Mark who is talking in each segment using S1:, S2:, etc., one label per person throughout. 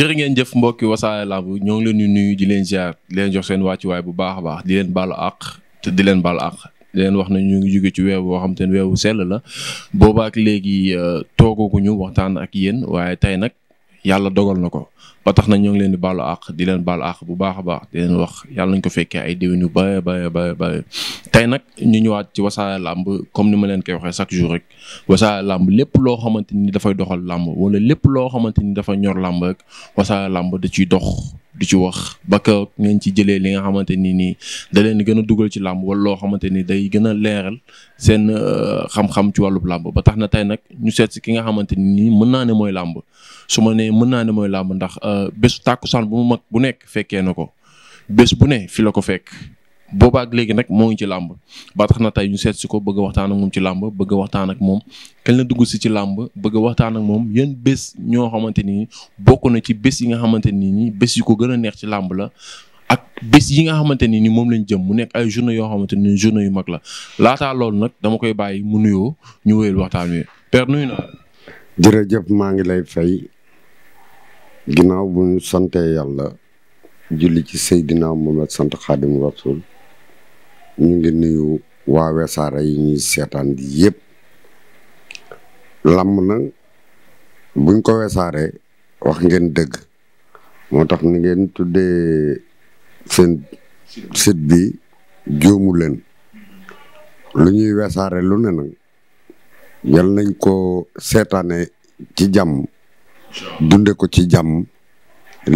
S1: jërë ngeen jëf mbokki wasaare làmb bu ngi leen di nuyu di leen ziar di leen jox seen wàccuwaay bu baax a baax di leen baalu àq te di leen baalu àq di leen wax na ñu ngi jóge ci weer boo xam te ne sell la boobaak léegi euh, ñu waxtaan ak yéen waaye tey nag yàlla dogal na ko ba tax nañ ñoo ngi leen di baalu àq di leen baalu àq bu baax a baax di leen wax yàlla nañ ko fekkee ay déwén yu bëree bëri bëri tey nag ñu ñëwaat ci wasaare làmb comme ni ma leen koy waxee chaque jour rek wasaare làmb lépp loo xamante ni dafay doxal làmb wala lépp loo xamante ni dafa ñor làmb rek wasaare làmb di ciy dox du ci wax ba keroog ngeen ci jëlee li nga xamante nii nii da leen gën a dugal ci làmb wala loo xamante nii day gën a leeral seen euh, xam-xam ci wàllub làmb ba tax na tey nag ñu seet ki nga xamante ni nii mën naa ne mooy làmb su ma nee mën naa ne mooy làmb ndax euh, bésu tàkkusaan bu mu mag bu nekk fekkee na ko bés bu ne fi la ko fekk. boobaak léegi nag moo ngi ci làmb ba tax na tey ñu seet si ko bëgg waxtaan ak moom ci làmb bëgg a waxtaan ak moom kenn la dugg si ci làmb bëgg waxtaan ak moom yan bés ñoo xamante ni bokk na ci bés yi nga xamante ni nii bés yu ko gën a neex ci làmb la ak bés yi nga xamante ni ni moom lañ jëm mu nekk ay journée yoo xamante ni journée yu mag la laataa loolu nag dama koy bàyyi mu nuyoo
S2: ñu wéyal waxtaan wi père nuyu naa jërëjëf maa ngi lay fay ginnaaw bu ñu sante yàlla julli ci sëy Seydina Muhammad sant Xaadimu Rasuul ñu ngi nuyu waa Wassare yi ñuy seetaan yëpp làmb na buñ ko Wassare wax ngeen dëgg moo tax ni ngeen tuddee seen site bi jóomu leen lu ñuy Wassare lu ne yal nañ ko seetaane ci jàmm dunde ko ci jàmm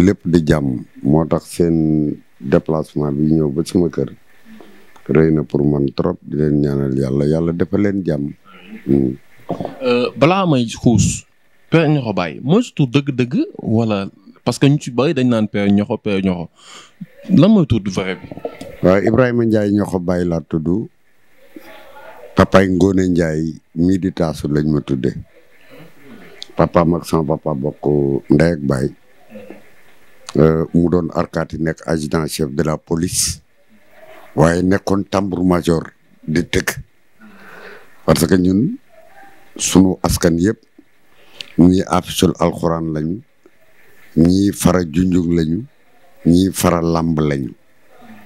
S2: lépp di jàmm moo tax seen déplacement bi ñëw ba sama kër rëy na pour man trop di leen ñaanal yàlla yàlla dafa leen jàmm. Hmm.
S1: Euh, balaa may xuus. Père Ñoxo Baye mooy surtout dëgg-dëgg wala parce que ñu ci bëri dañ naan Père Ñoxo Père Ñoxo lan mooy tudd vrai bi.
S2: waaw Ibrahima Ndiaye Ñoxo Baye laa tudd papaay Ngone Ndiaye mii di taasu lañ ma tuddee papaam ak sama papa bokk ndey baay euh, mu doon arkaati nekk adjudant chef de la police. waaye nekkoon tambour major di tëgg parce que ñun sunu askan yëpp ñii afisul alxuraan lañu ñii fara junjung lañu ñii fara làmb lañu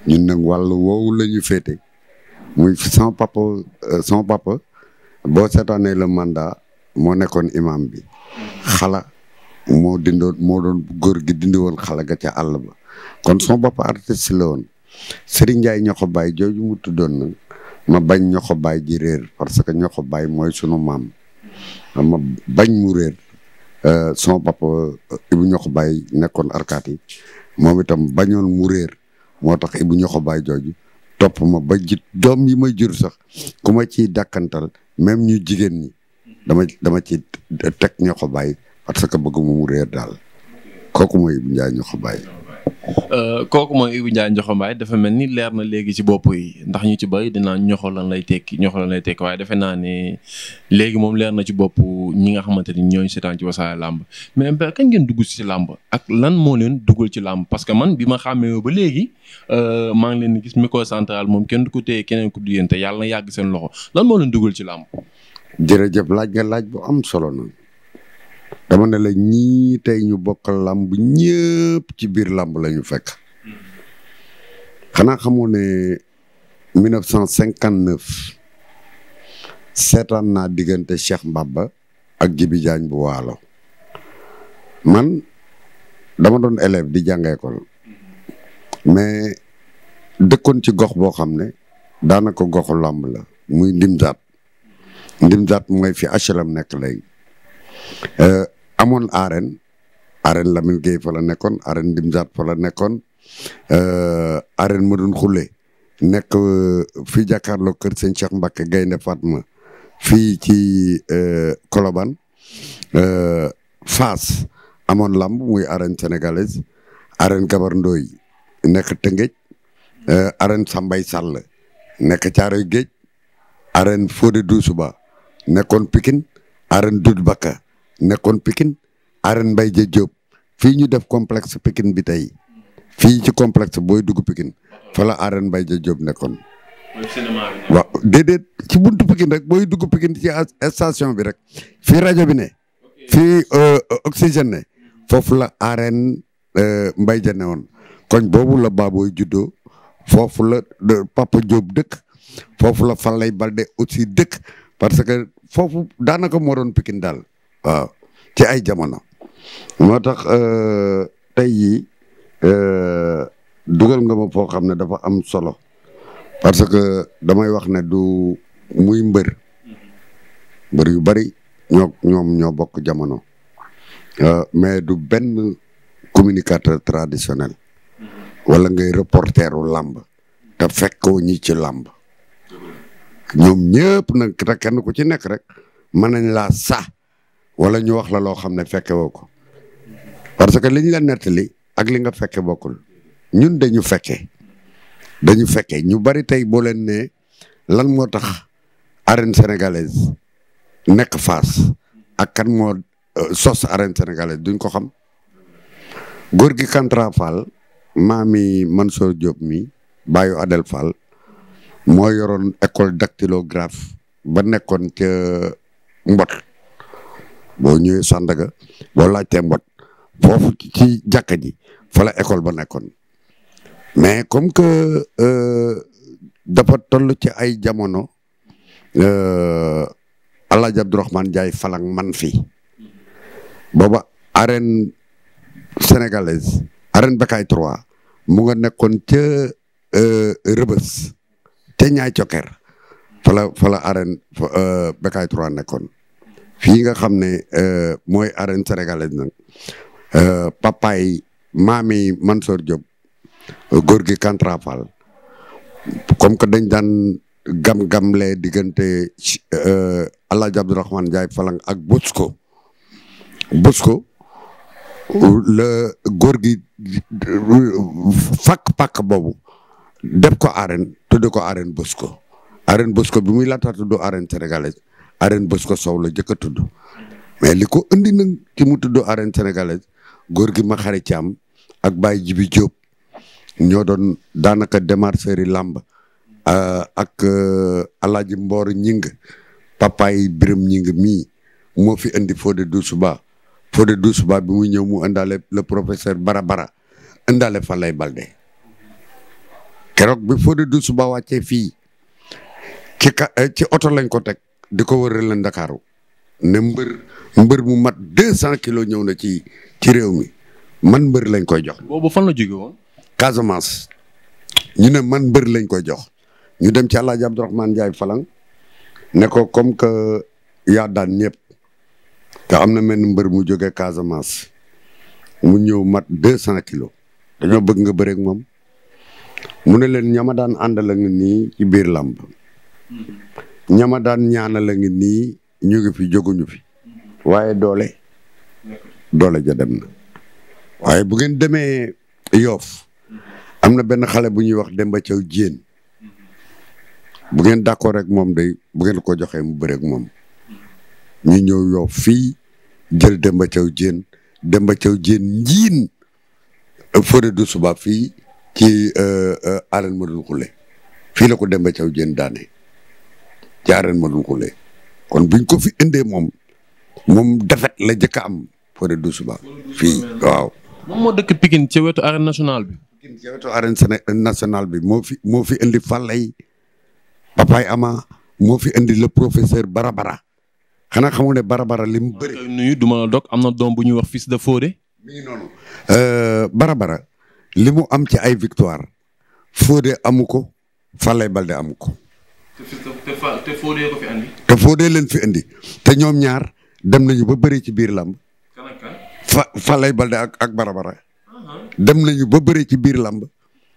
S2: ñun nag wàllu woowu la ñu féete muy son papa euh, son papa boo seetaanee le mandat moo nekkoon imam bi xala moo dindoon moo doon góor gi dindi woon xala ga ca àll ba kon son papa artiste la woon Serigne Ndiaye ñoxo baay jooju mu tuddoon nag ma bañ ñoxo baay ji réer parce que ñoxo baay mooy sunu maam ma bañ mu réer euh, sama papa euh, Ibu ñoxo baay nekkoon arkaat yi moom itam bañoon mu réer moo tax Ibu ñoxo baay jooju topp ma ba ji doom yi may jur sax ku ma ciy dàkkantal même ñu jigéen ñi dama dama ci teg ñoxo baay parce que bëgg mu réer daal kooku mooy Ibu Ndiaye ñoxo baay
S1: Euh, kooku mooy Ibou Ndiaye Ndiokhoumbaay dafa mel ni leer na léegi ci bopp yi ndax ñu ci bay dinaa ñoxo lan lay tekki ñoxo lay tekki waaye defe naa ne léegi moom leer na ci bopp ñi nga xamante ni ñooñu seetaan ci Wassare làmb mais MPR kañ ngeen dugg ci làmb ak lan moo leen dugal ci làmb parce que man bi ma xàmmee ba léegi euh, maa ngi leen di gis micro central moom kenn du ko téye keneen ku du te yàlla yàgg seen loxo lan moo leen dugal ci làmb.
S2: jërëjëf laaj nga laaj bu am solo noonu dama ne la ñii ñu bokk làmb ñëpp ci biir làmb la ñu fekk xanaa xamoo ne 1959 seetaan naa diggante Cheikh Mbaba ak Jibi bu waalo man dama doon élève di jàng école mais dëkkoon ci gox boo xam ne daanaka gox lamb la muy Ndimzaat mu mooy fi HLM nekk léegi Euh, amoon arène arène Lamine Gueye fa nekkoon arène Dimzat fa la nekkoon euh, arène Madoune Khoule nekk euh, fii jàkkaarloo kër sëñ Cheikh Mbacke Gaynde Fatma fii ci Colobane Fass amoon lamb muy arène sénégalaise arène Gabar Ndoye nekk Tëngéej arène Sambay Sall nekk Caaroy Géej arène Fodé Doussouba nekkoon Pikine arène Doudou Baka nekkoon Pikine arène Mbaye Dia Diop fii ñu def complexe Pikine bi tey fii ci complexe booy dugg pikin fa la arène Mbaye jóob nekkoon. waaw déedéet ci buntu pikin rek booy dugg Pikine ci station bi rek fii rajo bi ne fii euh, oxygène ne foofu la arène euh, Mbaye Dia ne woon koñ boobu la Baboy juddoo foofu la Papa Diop dëkk foofu la Falaye Balde aussi dëkk parce que foofu daanaka moo doon Pikine daal waaw ci ay jamono moo tax euh, tey jii euh, dugal nga ma foo xam ne dafa am solo parce que damay wax ne du muy mbër mbër yu bari ñoom ñoo bokk jamono euh, mais du benn communicateur traditionnel wala ngay reporteru làmb te fekkoo ñi ci làmb ñoom ñëpp nag kenn ku ci nekk rek mën nañ laa sa wala ñu wax la loo xam ne fekke woo ko parce que liñ la nettali ak li nga fekke bokkul ñun dañu fekke dañu fekke ñu bari tey boo leen ne lan moo tax arène sénégalaise nekk fas ak kan moo euh, sos arène sénégalaise duñ ko xam góor gi Kantra Fall man Mansour Diop mi bàyyu Adel Fall moo yoroon école dactylographe ba nekkoon ca Mbot boo ñëwee Sandaga boo laajtee mbot foofu ci jàkka ji fa école ba nekkoon mais comme que euh, dafa ci ay jamono euh, Alaaji Abdourahmane Ndiaye Falang man fi booba arène sénégalaise arène Bakaay 3 mu nga nekkoon ca euh, Rëbës ca ñaay cokkeer fa la fa la arène Bakaay nekkoon fii nga xam ne euh, mooy arène sénégalaise nag euh, papaay maami Mansour Diop góor gi Kantra Fall comme que dañ daan gam-gamle diggante El euh, Hadj Abdourahmane Ndiaye Falang ak Bosco Bosco la góor gi fakk pàkk boobu def ko arène tudd ko arène Bosco arène Bosco bi muy laata tudd arène sénégalaise arène bés ko soow la jëkk a tudd mais li ko indi nag ki mu tudd arène sénégalaise góor gi ma xare caam ak Baye Jibi Diop ñoo doon daanaka démarcheurs yi làmb euh, ak euh, alaaji mboor ñing papa yi biram ñing mii moo fi indi Fodé Doussouba Fodé Doussouba bi muy ñëw mu indaale le bara Barabara indaale fa lay balde keroog bi Fodé Doussouba wàccee fii ci ka ci oto lañ ko teg di ko wëral leen Ndakaaru ne mbër mu mat deux cent kilos ñëw na ci ci réew mi man mbër lañ koy jox. boobu fan la jóge woon. ñu ne man mbër lañ koy jox ñu dem ci El Hadj Abdourahmane Ndiaye Falang ne ko comme que yaa daan ñëpp te am na menn mbër mu joge Casamance mu ñëw mat deux cent kilo dañoo bëgg nga bëreek moom mu ne leen ñama daan àndal ak nii ci biir làmb hmm. ñama daan ñaana la ngi nii ñu ngi fi jóguñu fi waaye doole doole ja dem na waaye bu ngeen demee yoof am na benn xale bu ñuy wax Demba Thiaw Diène bu ngeen d'accord rek moom day bu ngeen ko joxee mu bëreeg moom ñu ñëw yoof fii jël Demba Thiaw Diène Demba Thiaw Diène njiin forêt du suba fii ci euh, euh, arène Madoul Khoule fii la ko dem Demba Thiaw Diène daane jaareen ma dul ko lee kon biñ ko fi indee moom moom defet la jëkk a am fële du suba fii waaw. moom moo dëkk Pikine ci wetu arène national bi. Pikine ci bi moo fi moo fi indi Fallay Papay Ama moo fi indi la professeur Barabara xanaa xamoo ne Barabara li mu bëri. nuyu du ma la dog am na doom bu ñuy wax fiis de Fodé. mi ngi noonu euh, Barabara li am ci ay victoire Fodé amu ko Fallay Balde amuko
S1: te fa fi andi.
S2: te leen fi andi te ñoom ñaar dem nañu ba bëri ci biir làmb. fa fa lay balde ak barabara. dem nañu ba bëri ci biir làmb.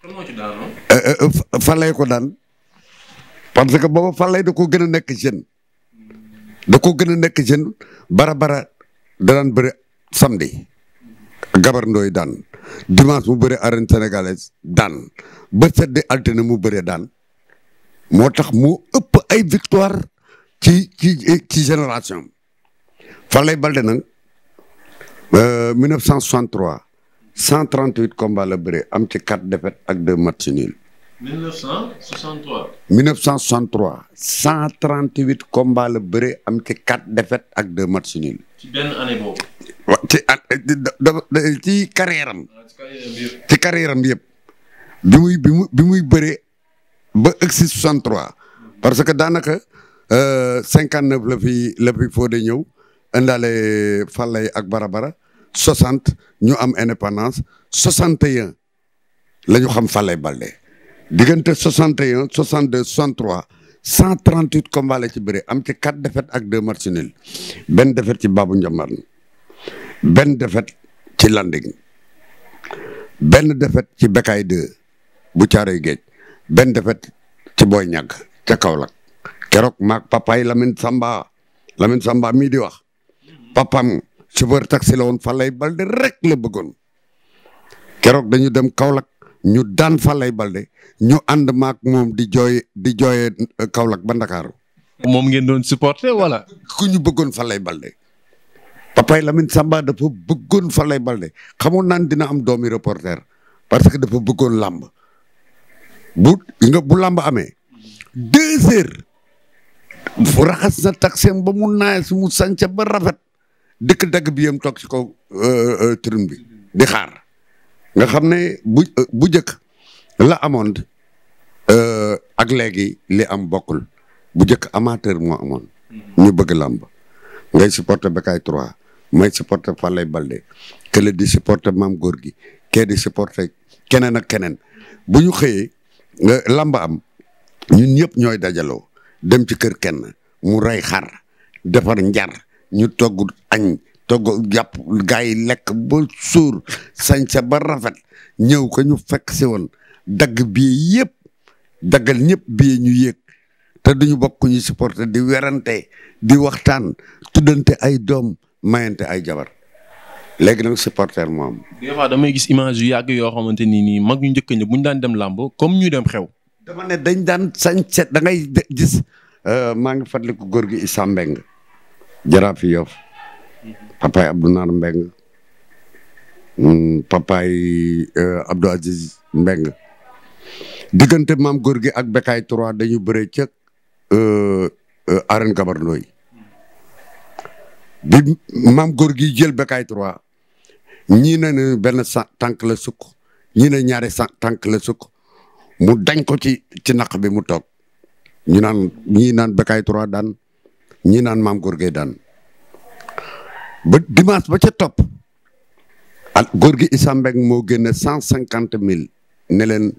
S1: Eh,
S2: eh, eh, fa lay ko daan parce que booba fa lay da ko gën nekk jeune. da ko gën a nekk jeune barabara da daan bëri samedi. Gabar Ndoy daan dimanche mu bëri arène sénégalaise daan ba sedd altine mu bëri daan. moo tax mu ëpp ay victoire ci ci ci génération Falaye Balde nag 1963 euh, 138 combats la bëre am ci 4 défaites ak 2 matchs nuls.
S1: 1963.
S2: 1963 138 combats la bëre am ci 4 défaites ak 2 matchs nuls.
S1: ci benn année boobu.
S2: wa ah, yëpp. bi muy bi muy bi ba ëgsi 63 parce que daanaka euh, cinquante neuf la fi la fi Fodé ñëw indaale Fallay ak Barabara soixante ñu am indépendance soixante la ñu xam Fallay Baldé diggante soixante et un soixante deux soixante trois cent trente huit ci bëri am ci quatre défaites ak deux matchs nuls benn défaite ci Babou Ndiambarne benn défaite ci Landing benn défaite ci Bécaye 2 bu Caaroy Géej benn defet ci booy ñàgg ca Kaolack keroog maag papaay Lamine Samba Lamine Samba mii di wax papam chauffeur taxi la woon Falaye Balde rek la bëggoon keroog dañu dem Kaolack ñu daan Falaye Balde ñu ànd maag moom di joy di jooyee euh, kawlak ba Ndakaaru moom ngeen doon supporter wala. ku ñu bëggoon Falaye Balde papaay Lamine Samba dafa bëggoon Falaye Balde xamoon naan dina am doomi reporter parce que dafa bëggoon làmb bu nga bu làmb amee deux raxas na taxem ba mu naaj mu sànca ba rafet dëkk dagg bi yam toog ci kaw euh, euh, tribune bi di xaar nga xam ne bu euh, bu njëkk la amoon ak léegi li am bokkul bu njëkk amateur moo amoon ñu bëgg làmb ngay supporter Bécaye 3 may supporter Fallay Balde kële di supporter Maam Góor gi kee di supporter keneen ak keneen bu ñu xëyee làmb am ñun ñëpp ñooy dajaloo dem ci kër kenn mu rey xar defar njar ñu togg añ togg jàpp gars yi lekk ba suur sañca ba rafet ñëw ko ñu fekk si woon dagg bii yëpp daggal ñëpp bii ñu yéeg te duñu bokk ñu supporter di werante di waxtaan tuddante ay doom mayante ay jabar léegi nag supporter moo am.
S1: des damay gis image yu yàgg yoo xamante ni nii mag ñu njëkk
S2: ña bu ñu daan dem làmb comme ñu dem xew. dama ne dañ daan sañ set da ngay gis. Euh, maa ngi fàttaliku góor gi Issa Mbeng jaraaf Yoff papaay Abdou Nar Mbeng mm, papaay euh, Abdou Aziz Mbeng diggante maam góor gi ak Bekaay 3 dañu bëree cëk euh, arène Gabarndooy maam góor gi jël Bekaay 3 ñii ne benn sa tànk la sukk ñii ne ñaari sa tànk la sukk mu dañ ko ci ci naq bi mu toog ñu naan ñii naan Bécaye 3 daan ñii naan Mame Gor Gueye daan ba dimanche ba ca topp ak góor gi Issa Mbeng moo génne cent cinquante mille ne leen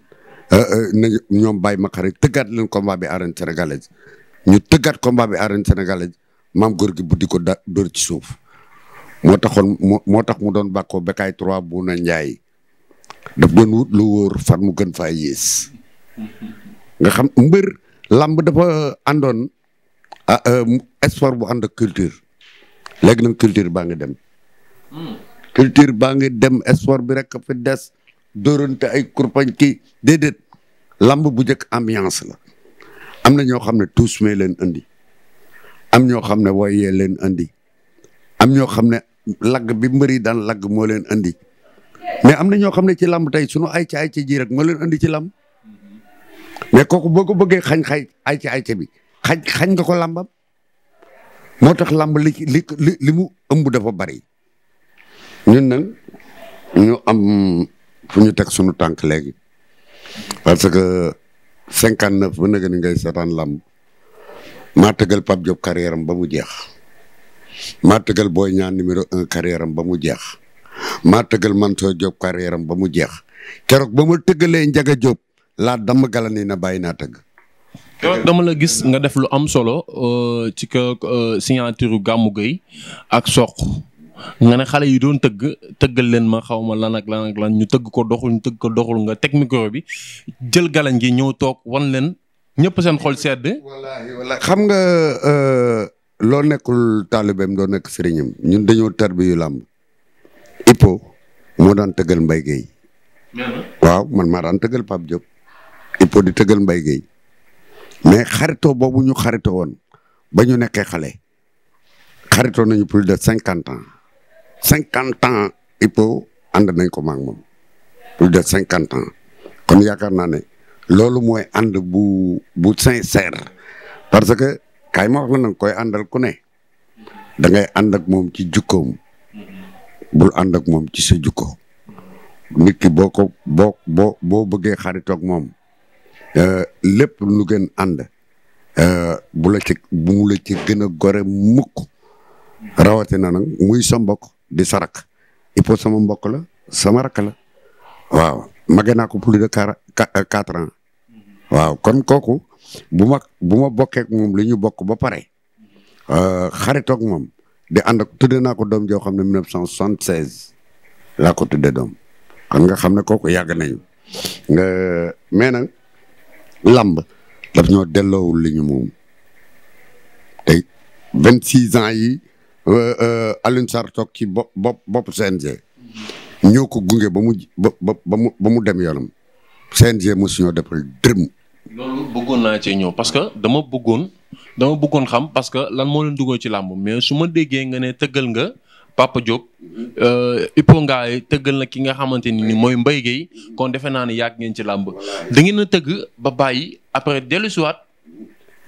S2: euh, euh, ne ñoom Baye Makhari tëggaat leen combat bi arène sénégalaise ñu tëggaat combat bi arène sénégalaise Mame Gor bu di ko da dóor ci suuf moo taxoon moo tax mu doon bàkkoo Bécaye 3 Bouna Ndiaye daf doon wut lu wóor far mu gën fa yées nga xam mbër lamb dafa àndoon ah, euh, sport bu ànd ak culture léegi nag culture baa ngi dem culture baa ngi dem sport bi rek fi des dóorante ay kurpañ kii déedéet làmb bu njëkk ambiance la am na ñoo xam ne tuus mee leen andi am ñoo xam ne woyee leen andi lagg bi mbëri daan lagg moo leen andi mais am na ñoo xam ne ci làmb tey sunu ay ayca jii rek moo leen andi ci làmb mais kooku boo ko bëggee xañ xay ayca ayca bi xañ xañ nga ko lambam moo tax làmb li li li mu ëmb dafa bari ñun nag ñu am fu ñu teg sunu tànk léegi parce que cinquante neuf ba nga ni ngay seetaan làmb maa tëggal Pape Diop carrière ba mu jeex. maa tëggal boo Niang numéro un carrière ba mu jeex maa tëggal Mansour Diop carrière am ba mu jeex keroog ba ma tëggalee Ndiaga Diop laa damm gala nii na bàyyi naa tëgg.
S1: dama la gis nga def lu am solo euh, ci kër euh, signature Gamou Gueye ak Sokh nga ne xale yi doon tëgg tëggal leen ma xaw ma lan ak lan ñu tëgg ko doxul ñu tëgg ko doxul nga teg micro bi jël galañ gi ñëw toog wan leen ñëpp seen xol sedd.
S2: xam nga euh, loo nekkul taalibeem doo nekk sëriñam ñun dañoo tarbiyu làmb Ipo moo daan tëggal Mbaye Guèye waaw man maa daan tëggal Pape Diop Ipo di tëggal mbay Guèye mais xaritoo boobu ñu xaritoo woon ba ñu nekkee xale xaritoo nañu plus de cinquante ans cinquante ans Ipo ànd nañ ko maak moom plus cinquante ans kon yaakaar naa ne loolu mooy ànd bu bu sincère parce que kaay ma wax nanga koy àndal ku ne da ngay ànd ak moom ci jukkoom bul ànd ak moom ci sa jukko nit ki boo ko boo boo boo bëggee xaritoog moom euh, lépp lu gën ànd euh, bu la ci bu mu la ci gën gore mukk rawatina nag muy sa mbokk di sa rakk il faut sama mbokk la sama rakk la waaw mage naa ko plus de quatre ans waaw kon kooku bu ma bu ma bokkeek moom li ñu bokk ba pare euh, xaritoog moom di ànd ak tudde naa ko doom joo xam ne 1976 laa ko de doom kon nga xam ne kooku yàgg nañu nga euh, mais nag lamb daf ñoo delloowul li ñu moom tey vingt six ans yi euh, Alioune Sarr toog ci bopp bopp bopp CNG ñoo ko gunge ba mu ba ba mu ba mu dem yoonam CNG mosuñoo defal dërëm
S1: loolu bëggoon naa cee ñëw parce que dama bëggoon dama bëggoon xam parce que lan moo leen duggoo ci làmb mais su ma déggee nga ne tëggal nga Papa Diop euh, Ipo Ngaay tëggal na ki nga xamante ni ni mooy Mbaye Guèye kon defe naa ni yàgg ngeen ci làmb da ngeen a tëgg ba bàyyi après dellu siwaat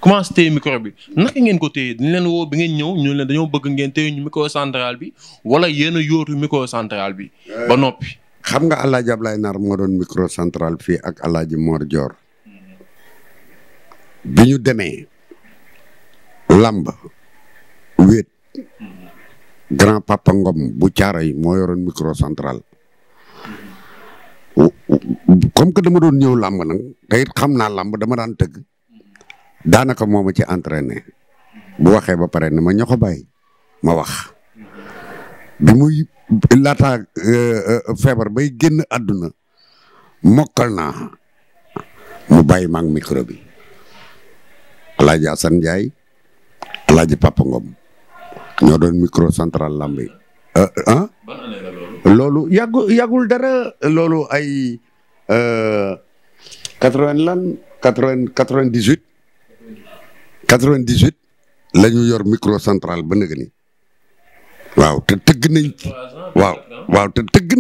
S1: commencé téye micro bi naka ngeen ko téye dañu leen woo bi ngeen ñëw ñu leen dañoo bëgg ngeen téye ñu micro central bi wala yéen a yóotu micro central bi ba noppi
S2: xam nga alaaji Ablaye Naar moo doon micro central fii ak alaaji Mor Dior bi ñu demee làmb wéet grand papa Ngom bu caaray moo yoroon micro central comme que dama doon ñëw làmb nag te it xam naa làmb dama daan tëgg daanaka moom ma ci entraîné bu waxee ba pare ne ma ñoo ko bàyyi ma wax bi muy laata euh, euh, feebar bay génn àdduna mokkal naa mu bàyyi maag micro bi alaaji Assane Ndiaye alaaji Papa Ngom ñoo doon micro central lamb yi ah loolu yàggu dara loolu ay euh, quatre-vingt lan quatre-vingt dix huit la ñu yor micro central ba nëgë ni waaw te tëgg nañ ci waaw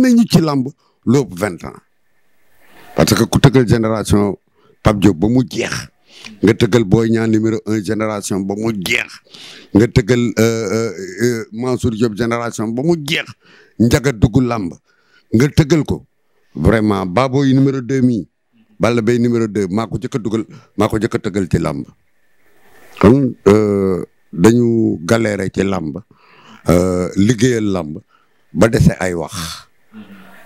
S2: nañu ci làmb lóobu vingt ans parce que ku tëggal génération Pape Diop ba mu jeex nga tëggal Boy Niang numéro un génération ba mu jeex nga tëggal euh, euh, euh, Mansour Diop génération ba mu jeex njaga dugg làmb nga tëggal ko vraiment baaboo yi numéro deux mii Balla Gaye numéro deux maa ko jëkk a dugal maa ko a tëggal ci làmb kon dañu galéré ci làmb liggéeyal làmb ba dese ay wax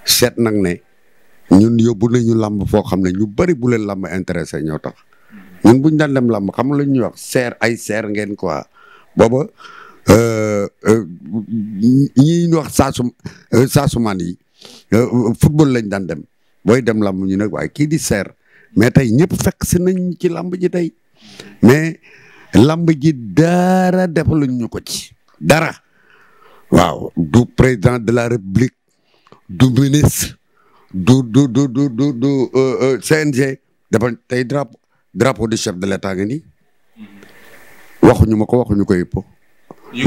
S2: seet nag ne ñun yóbbu nañu làmb foo xam ne ñu bari bu leen làmb intéressé ñoo tax ñun bu ñu daan dem làmb xam lu ñuy wax seer ay seer ngeen quoi booba euh, euh, ñi ñu wax saasum euh, saasumaan yi football lañ daan dem booy dem làmb ñu nag ay kii di seer mais tey ñëpp fekk si nañ ci làmb ji tey mais làmb ji dara defaluñ ñu ko ci dara waaw du président de la république du ministre du du du CNG dafa tey drapeau drapeau de chef de l'état nga ni waxuñu ma ko waxuñu ko yëpp.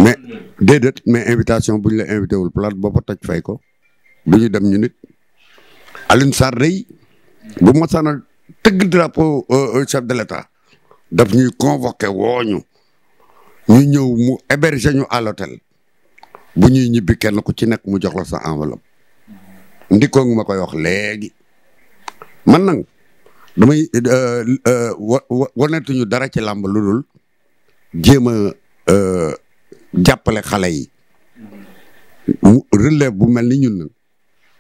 S2: mais déedéet mais invitation bu ñu la invité wul plate boo ko toj fay ko du ñu dem ñu nit Alioune Sarr day bu mosaan a tëgg drapeau euh, euh, chef de l'état daf ñuy convoqué wooñu ñu ñëw mu héberger ñu à l'hôtel bu ñuy ñibbi kenn ku ci nekk mu jox la sa enveloppe ndikoongi ma koy wax léegi man nag damay euh, euh, wanatuñu dara ci làmb lu dul jéem a euh, jàppale xale yi relève bu mel ni ñun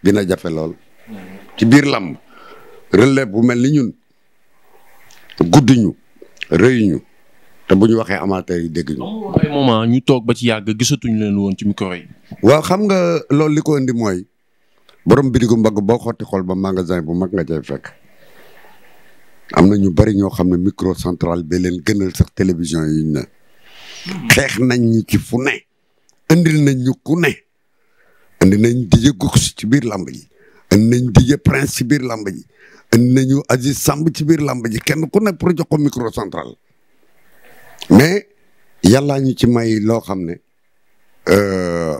S2: dina jafe lool ci biir làmb relève bu mel ni ñun gudduñu rëyuñu te bu ñu waxee amateur yi dégg ñu. ay ñu toog ba ci yàgg gisatuñu leen woon ci micro yi. waaw xam nga loolu li ko indi mooy borom bidigu mbagg boo xotti xool ba magasin bu mag nga cay fekk. am na ñu bari ñoo xam ne micro centrale ba leen gënal sax télévision yi ñu ne. xeex nañ ñu ci fune ne. indil nañ ñu ku ne. indi nañ Didier Gomis ci biir làmb ji. indi nañ Didier Prince ci biir làmb ji. indi nañu Aziz Samb ci biir làmb ji kenn ku ne pour jox ko micro central. mais yàllaa ñu ci may loo xam ne. Euh,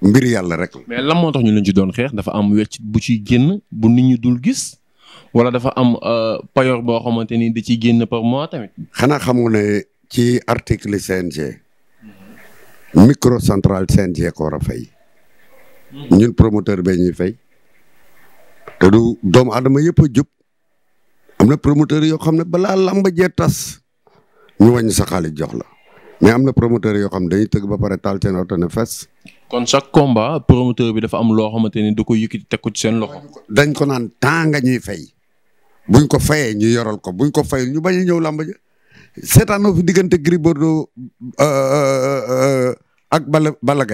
S2: mbir yàlla rek la.
S1: mais lan moo tax ñu leen ci doon xeex dafa am wecc bu ciy génn bu nit ñi dul gis. wala dafa am euh, payoor boo xamante ni da ciy génne par mois tamit.
S2: xanaa xamu ne ci article CNG. microcentral CNG ko war a fay. Hmm. ñun promoteur bee ñuy fay. te du doomu adama yëpp a jub. am na promoteur yoo xam ne balaa lamba jee tas. ñu wàññi sa xaalis jox la. mais am na promoteur yoo xam ne dañuy tëgg ba pare taal seen oto ne fes. kon chaque combat promoteur bi dafa am loo xamante ni du koy yëkkati teg ko ci seen loxo. dañ ko naan temps nga ñuy fay. buñ ko fayee ñu yoral ko buñ ko fayul ñu bañ a ñëw làmb ja seetaanoo fi diggante Gris Bordeaux euh, euh, euh, ak Balla Balla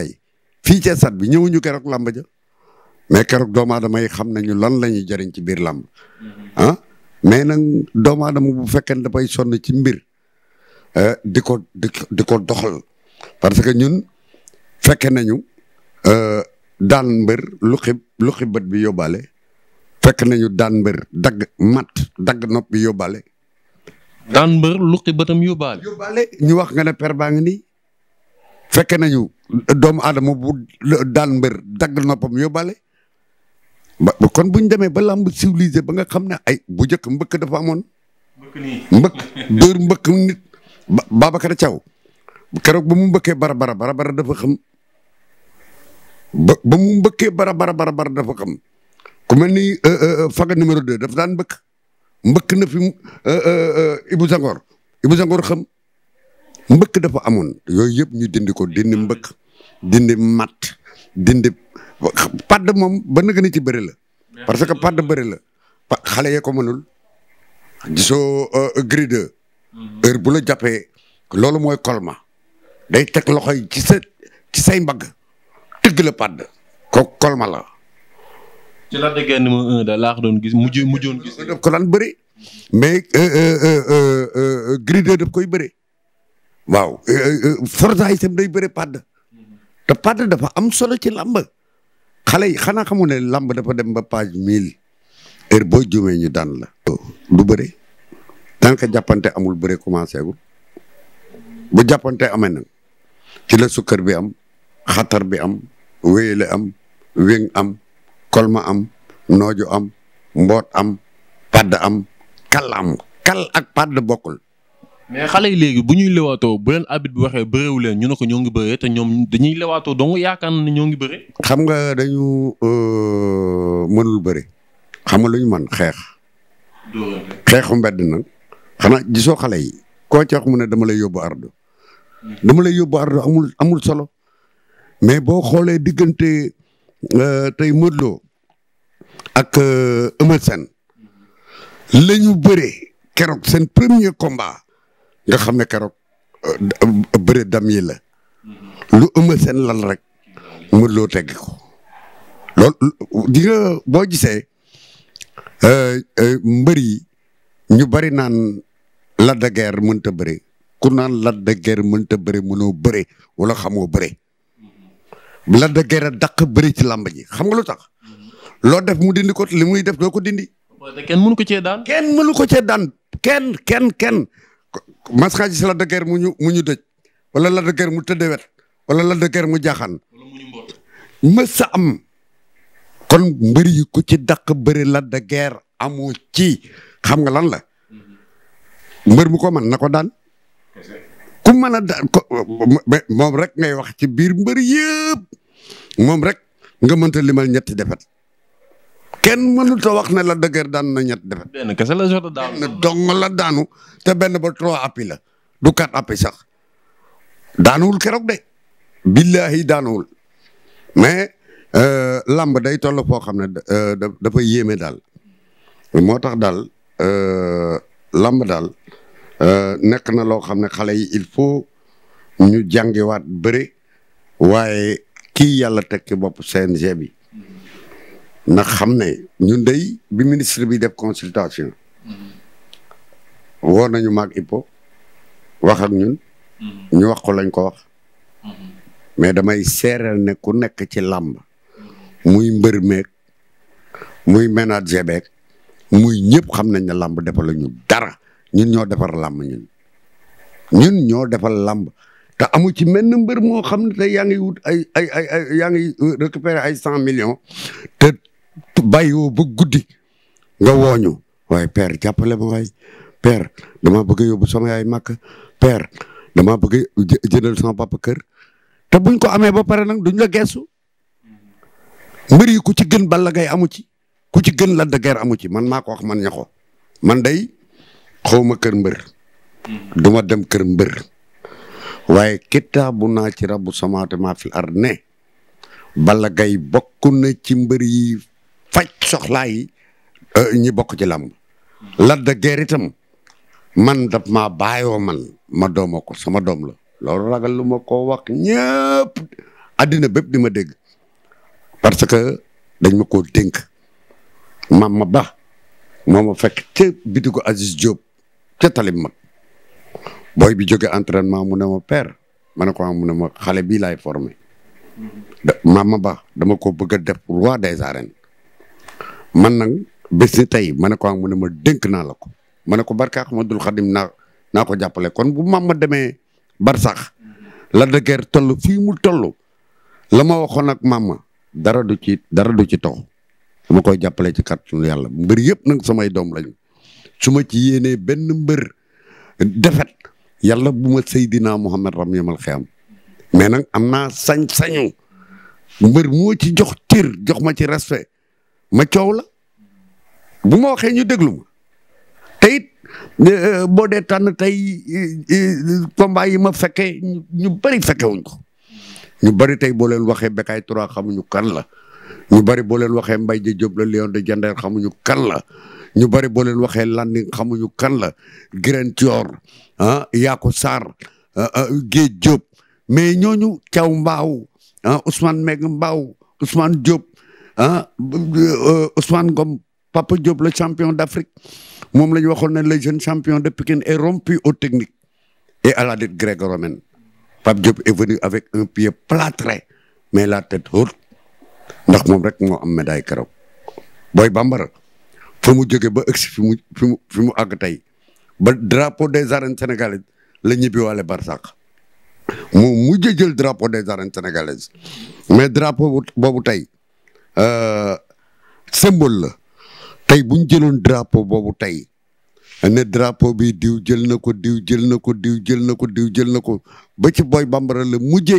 S2: fii cee stade bi ñëwuñu keroog làmb ja mais keroog doomu aadama yi xam nañu lan la ñuy jëriñ ci biir làmb mm-hmm. ah, mais nag doomu aadama bu fekkee dafay sonn ci mbir di ko di ko doxal parce que ñun fekke nañu daan mbër lu xib lu bi yóbbaale fekk nañu daan mbër dagg mat dagg nopp bi yóbbaale. daan mbër luqi bëtam yóbbaale. yóbbaale ñu wax nga ne per baa ngi nii fekk nañu doomu aadama bu daan mbër dagg noppam yóbbaale. ba kon bu ñu demee ba làmb civilisé ba nga xam ne ay bu njëkk mbëkk dafa amoon. mbëkk mbëkk nit ba Babacar Thiaw mu mbëkkee bara bara bara dafa xam ba mu mbëkkee bara bara bara bara dafa xam. ku mel ni euh, euh, euh, faga numéro deux daf daan mbëkk mbëkk na fi Ibou Zangor Ibou Zangor xam mbëkk dafa amoon yooyu yëpp ñu dindi ko dindi mbëkk dindi matt dindi padd moom ba nga ni ci bëri la parce que padd bëri la xale yee ko mënul gisoo gride mm-hmm. heure bu la jàppee loolu mooy kolma day teg loxo yi ci sa ci say mbagg tëgg la padd ko kolma la ci Lac de Guiers numéro un daal laa doon gis mujj mujjoon gis. daf ko lan bëri mais euh, euh, euh, Gris 2 daf koy bëri waaw Forza itam day bëri padd te padd dafa am solo ci làmb xale yi xanaa xamu ne làmb dafa dem ba page mille heure boo jumee ñu daan la. Oh, du bëri tant que jàppante amul bëri commencé gul bu jàppante amee nag ci la sukkar bi am xatar bi am wéyale am wéng am. kolma am nooju am mboot am padd am kal am kal ak padd bokkul. mais xale yi léegi bu ñuy lewaatoo
S1: bu leen abit bi waxee bëreewu leen ñu ne ko ñoo ngi bëree te ñoom dañuy lewaatoo dong yaakaan ne ñoo ngi bëree.
S2: xam nga dañu euh, mënul bëri xam nga lu ñu mën xeex. xeexu mbedd nag xanaa gisoo xale yi koo ci mu ne dama lay yóbbu ardo hmm. dama lay yóbbu ardo amul amul solo mais boo xoolee diggante Euh, tey Modou Lo ak euh, Eumeu Sène la ñu bëree keroog seen premier combat nga xam ne keroog euh, bëre dam la lu Eumeu seen lal rek Modou Lo tegg ko di nga boo gisee mbër yi ñu bari naan la de Guiers mënta bëre ku naan la de Guiers mënta bëre mënoo bëre wala xamoo bëre Lac de Guiers daq bëri ci làmb ji xam nga lu tax. loo def mu dindi ko li muy def doo ko dindi. kenn mënu ko cee daan. kenn mënu ko cee daan kenn kenn kenn. masxaa gis Lac de Guiers mu ñu dëj wala Lac de Guiers mu tëddee wet wala Lac de mu jaaxaan. mës sa am. kon mbër yi ku ci daq bëri Lac de Guiers amoo ci xam nga lan la. Mhm. mbër mu ko man na ko daan. ku mën a daan ko moom rek ngay wax ci biir mbër yëpp moom rek nga mënta limal ñetti defet kenn mënut a wax ne la dëgër daan na ñetti defet. ne kese la jot a daanu benn dong la daanu te benn ba trois appi la du quatre appi sax daanuwul keroog de. billahi daanuwul mais euh, làmb day toll foo xam ne euh, dafa yéeme daal moo tax daal euh, làmb daal. Euh, nekk na loo xam ne xale yi il faut ñu jàngiwaat bëre waaye kii yàlla teg ci bopp CNG bi na xam ne ñun dey bi ministre bi def consultation woo nañu maag IPO wax ak ñun ñu wax ko lañ ko wax mais damay seereel ne ku nekk ci làmb muy mbër meeg muy ménager beeg muy ñëpp xam nañ ne làmb defaluñu dara ñun ñoo defar làmb ñun ñun ñoo defar làmb te amu ci menn mbër moo xam ne tey yaa ngi wut ay ay ay ay yaa ngi récupérer ay cent millions te guddi nga wooñu waaye père jàppale ma waay père damaa bëgg yóbbu sama ay màkk per dama bëgg jëndal sama papa kër te buñ ko amee ba pare nag duñ la geesu mbër yi ku ci gën Balla Gaye amu ci ku ci gën Lac de Guiers amu ci man maa ko wax man ña man day xawma kër mbër duma dem kër mbër waaye kitaabu naa ci rabu samaate maa fil ard ne Balla Gaye bokk na ci mbër yi faj soxlay yi euh, ñi bokk ci làmb Lac de man daf maa bàyyoo man ma doomoo ko sama doom la loolu ragal lu ma ko wax ñëpp àddina bépp di ma dégg parce que dañ ma koo dénk ma ba moo ma fekk ca bitigu Aziz Diop ca tali mag booy bi jóge entraînement mu ne ma per ma ne ko ah, mu ne ma xale bii laay forme Mama Ba dama ko bëgg a def roi des arènes man nag bés tey ma ne ko ah, mu ne ma dénk naa la ko ma ne ko barka Axmadul Xadim naa naa ko jàppale kon bu Mama demee barsax la dëgër toll fii mu toll la ma waxoon ak Mama dara du ci dara du ci tax ma koy jàppale ci kàttanu yàlla mbir yëpp nag samay doom lañu su ma ci yéenee benn mbër defet yàlla bu ma Seydina Muhammad ram yamal xiyam mais nag am naa sañ-sañu mbër moo ci jox cër jox ma ci respect ma coow la bu ma waxee ñu déglu ma te it euh, boo dee tànn tey euh, euh, combat yi ma fekkee ñu bëri fekkewuñ ko ñu bëri tey boo leen waxee Bécaye 3 xamuñu kan la ñu bari boo leen waxee Mbaye di Diop la de Diender xamuñu kan la ñu bari boo leen waxee Landing xamuñu kan la Giren Thior ah Yaako Sarr ah, ah, Géej Diop mais ñooñu Thiaw Mbaaw ah Ousmane Meg Mbaaw Ousmane Diop ah euh, Ousmane Ngom Papa Diop le champion afric moom la ñu waxoon ne le jeune champion de Pikine est rompu aux techniques et à la lutte gréco-romaine avec un pied plâtré mais la tête ndax moom rek moo am médaille keroog booy bambara fa mu jóge ba ëgsi fi mu fi mu àgg tey ba drapeau des arènes sénégalaises la ñibbiwaale barsàq mu mujj jël drapo des arènes sénégalaises mais drapeau boobu tey euh, symbole la tey bu ñu jëloon drapeau boobu tey ne drapo bi diw jël na ko diw jël na ko diw jël na ko diw jël na ko ba ci booy bambara la mujje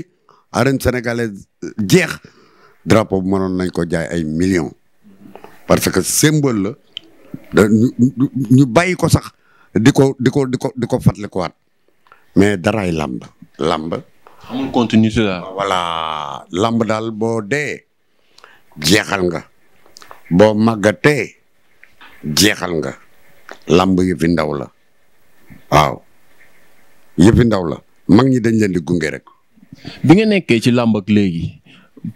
S2: arène sénégalaise jeex drapeau bu mënoon nañ ko jaay ay millions parce que symbole la ñu bàyyi ko sax di ko di ko di ko di ko waat mais daraay làmb lamb amul continuité daal ah, voilà daal boo dee jeexal nga boo màggatee jeexal nga làmb yëfi ndaw la waaw yëfi ndaw la mag ñi dañ leen di gunge rek bi nga nekkee ci làmb léegi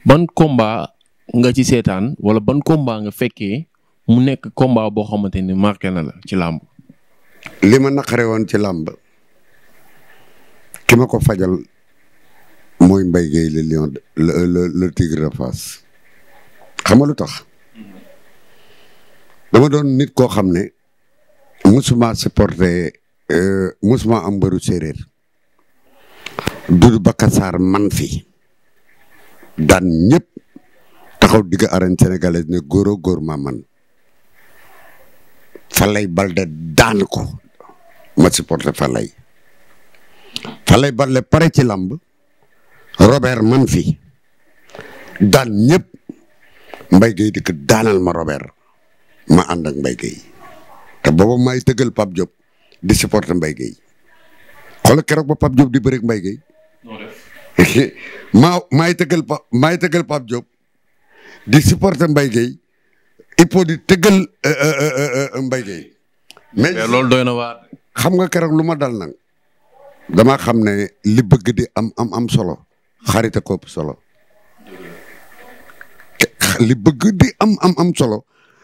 S2: ban combat
S1: nga ci seetaan wala ban combat nga fekkee mu nekk combat boo xamante ni marqué na
S2: la ci làmb li ma naqare woon ci làmb ki ma ko fajal mooy mbay Gueye le lion le le le tigre de xam nga lu tax dama doon nit koo xam ne musuma supporté euh, musuma am mbëru séeréer Doudou Bakassar man fi daan ñëpp taxaw digg arène sénégalaise ne góoroo góor maa man Falay Balde daan ko ma supporté Falay Falay Balde pare ci lamb Robert man fi daan ñëpp Mbaye Gueye dikk daanal ma Robert ma ànd ak Mbaye te booba may tëggal Pape Diop di supporté Mbaye Gueye xoolal keroog ba Pape Diop di bëreeg Mbaye Gueye maa maay tëggal pa maay tëggal Pape Diop di supporter mbay Gueye il faut di tëggal euh, euh, euh, Mbaye Gueye. mais loolu doy na waar. xam nga keroog lu ma dal nag dama xam ne li bëgg di am am am solo xarita ko solo li bëgg di am am am solo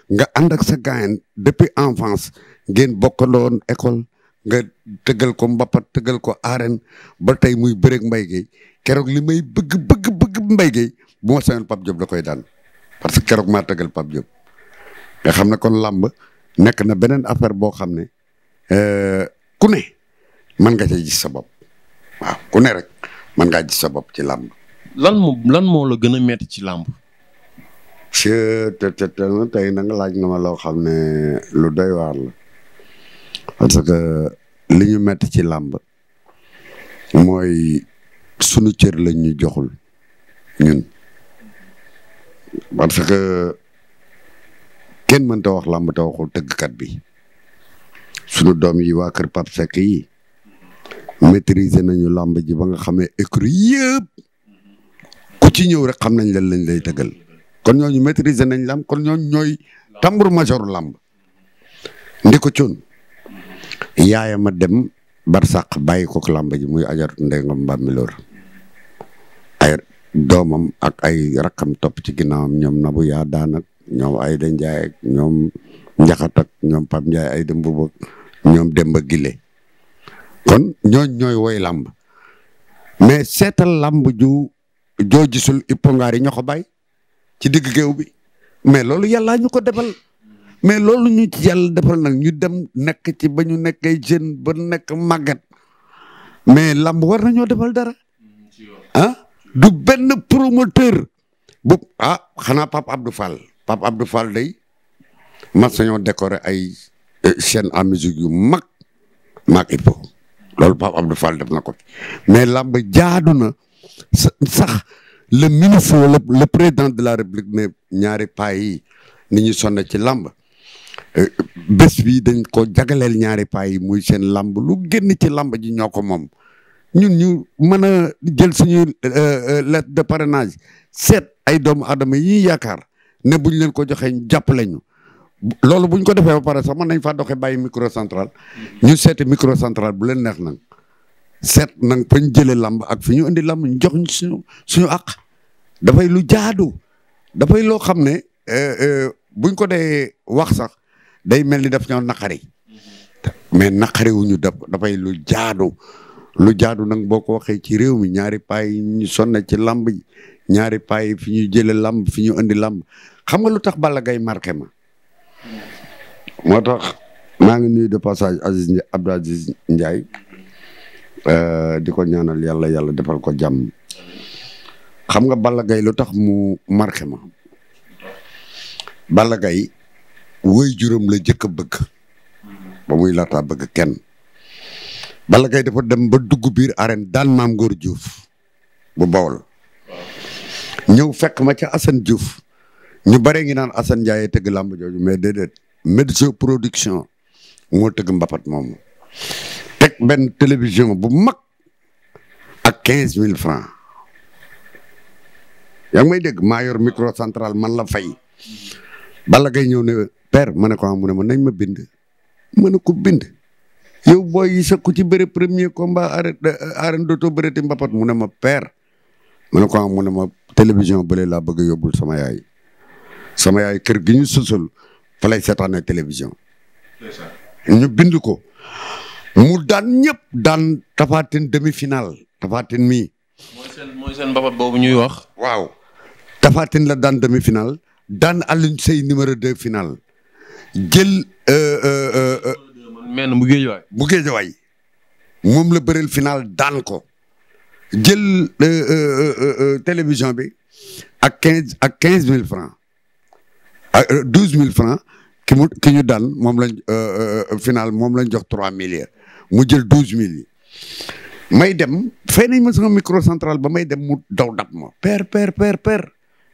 S2: nga ànd ak sa gaayen depuis enfance ngeen bokkandoon école nga tëggal ko mbapat tëggal ko arène ba tey muy bëreeg mbay Gueye keroog li may bëgg bëgg bëgg Mbaye Gueye bu ma sañoon Pape Diop da koy daan parce que keroog maa tëggal Pape Diop nga xam ne kon làmb nekk na beneen affaire boo xam ne euh, ku ne mën nga cay gis sa bopp waaw ku ne rek mën ngaa gis sa bopp ci làmb. lan moo lan moo la gën a metti ci làmb. te te tey na nga laaj na ma loo xam ne lu doy waar la parce que li ñu mett ci làmb mooy. sunu cër lañ ñu joxul ñun parce que kenn mënta wax làmb te waxul tëggkat bi sunu doom yi waa kër Pape Seck yi maîtriser nañu làmb ji ba nga xamee écrit yëpp ku ci ñëw rek xam nañ lan lañ lay tëggal kon ñooñu maîtriser nañ làmb kon ñooy tambour major làmb ndi ko coon a dem bar barsàq bàyyi ko làmb ji muy ajartu ndey ngom mbàmmiloor ay doomam ak ay rakkam topp ci ginnaawam ñoom nabu yaa daanak ñoom Ayda Njaay ak ñoom Njaxat ak ñoom Pap Njaay ay dëmb ba ñoom Demba Gile kon ñooñ ñooy woy làmb mais seetal làmb ju joo gisul ippongaar yi ñoko bay ci digg géew bi mais loolu yàllaa ñu ko defal mais loolu ñu ci yàlla defal nag ñu dem nekk ci ba ñu nekkee jeune ba nekk màggat mais làmb war nañoo defal dara mm, ah du benn promoteur bu ah xanaa Pape Abdou Fall Pape Abdou Fall day man sañoo décorer ay eh, chaîne à musique yu mag mag Hippo loolu Pape Abdou Fall def na ko mais làmb jaadu na sax le ministre le président de la république ne ñaari paay yi ni ñu sonn ci làmb eh, bés bi dañ ko jagaleel ñaari paay yi muy seen làmb lu génn ci làmb ji ñoo ko moom ñun ñu mën a jël suñuy euh, euh, lettre de parenage seet ay doomu aadama yi yaakaar ne bu ñu leen ko joxee jàppale ñu loolu bu ñu ko defee ba pare sax mën nañ faa doxee micro microcentral ñu micro central bu leen neex nag seet nag fa ñu jëlee làmb ak fi ñu indi làmb ñu jox ñu suñu suñu àq dafay lu jaadu dafay loo xam ne euh, buñ ko dee wax sax day mel ni daf ñoo naqari mm-hmm. mais naqari wuñu daf dafay lu jaadu lu jaadu nag boo ko waxee ci réew mi ñaari paay yi ñu sonn ci làmb ñaari paay fi ñu jële làmb fi ñu indi lamb xam nga lu tax Balla gay marqué ma moo tax maa ngi nuyu de passage Aziz Abdou Aziz Ndiaye euh, di ko ñaanal yàlla yàlla defal ko jàmm xam nga Balla gay lu tax mu marqué ma Balla gay woy juróom la jëkk a bëgg ba muy laataa bëgg kenn Balla Gaye dafa dem ba dugg biir arène daan maam Ngor Diouf bu bool ñëw fekk ma ca Assane Diouf ñu bare ngi naan Assane Ndiaye tëgg làmb jooju mais déedéet Medjo production moo tëgg mbapat moomu teg benn télévision bu mag ak quinze mille francs yaa ngi may dégg mayor micro central man la fay Balla Gaye ñëw ne père ma ne ko ah, mu ne ma nañ ma bind ma ne ko bind yow booy yi ci bëre premier combat arène dootoo bëreeti mbapat mu ne ma père ma ah, mu ne ma télévision bële laa bëgg a yóbbul sama yaay sama yaay kër gi ñu susul fa lay télévision. ñu bind ko mu daan ñëpp daan tafaatin demi final tafaatin mii. wax. waaw tafaatin la daan demi final daan Alioune Seye numéro deux jël. Euh, euh, euh, meen bu géejawaay bu géejawaay moom la bëreel final daan ko jël euh, euh, euh, télévision bi ak quinze ak quinze mille francs ak douze mille francs ki mu ki ñu daan moom lañ final moom lañ jox trois milliards mu jël douze mille yi may dem fay nañ ma sama micro central ba may dem mu daw dab ma per per per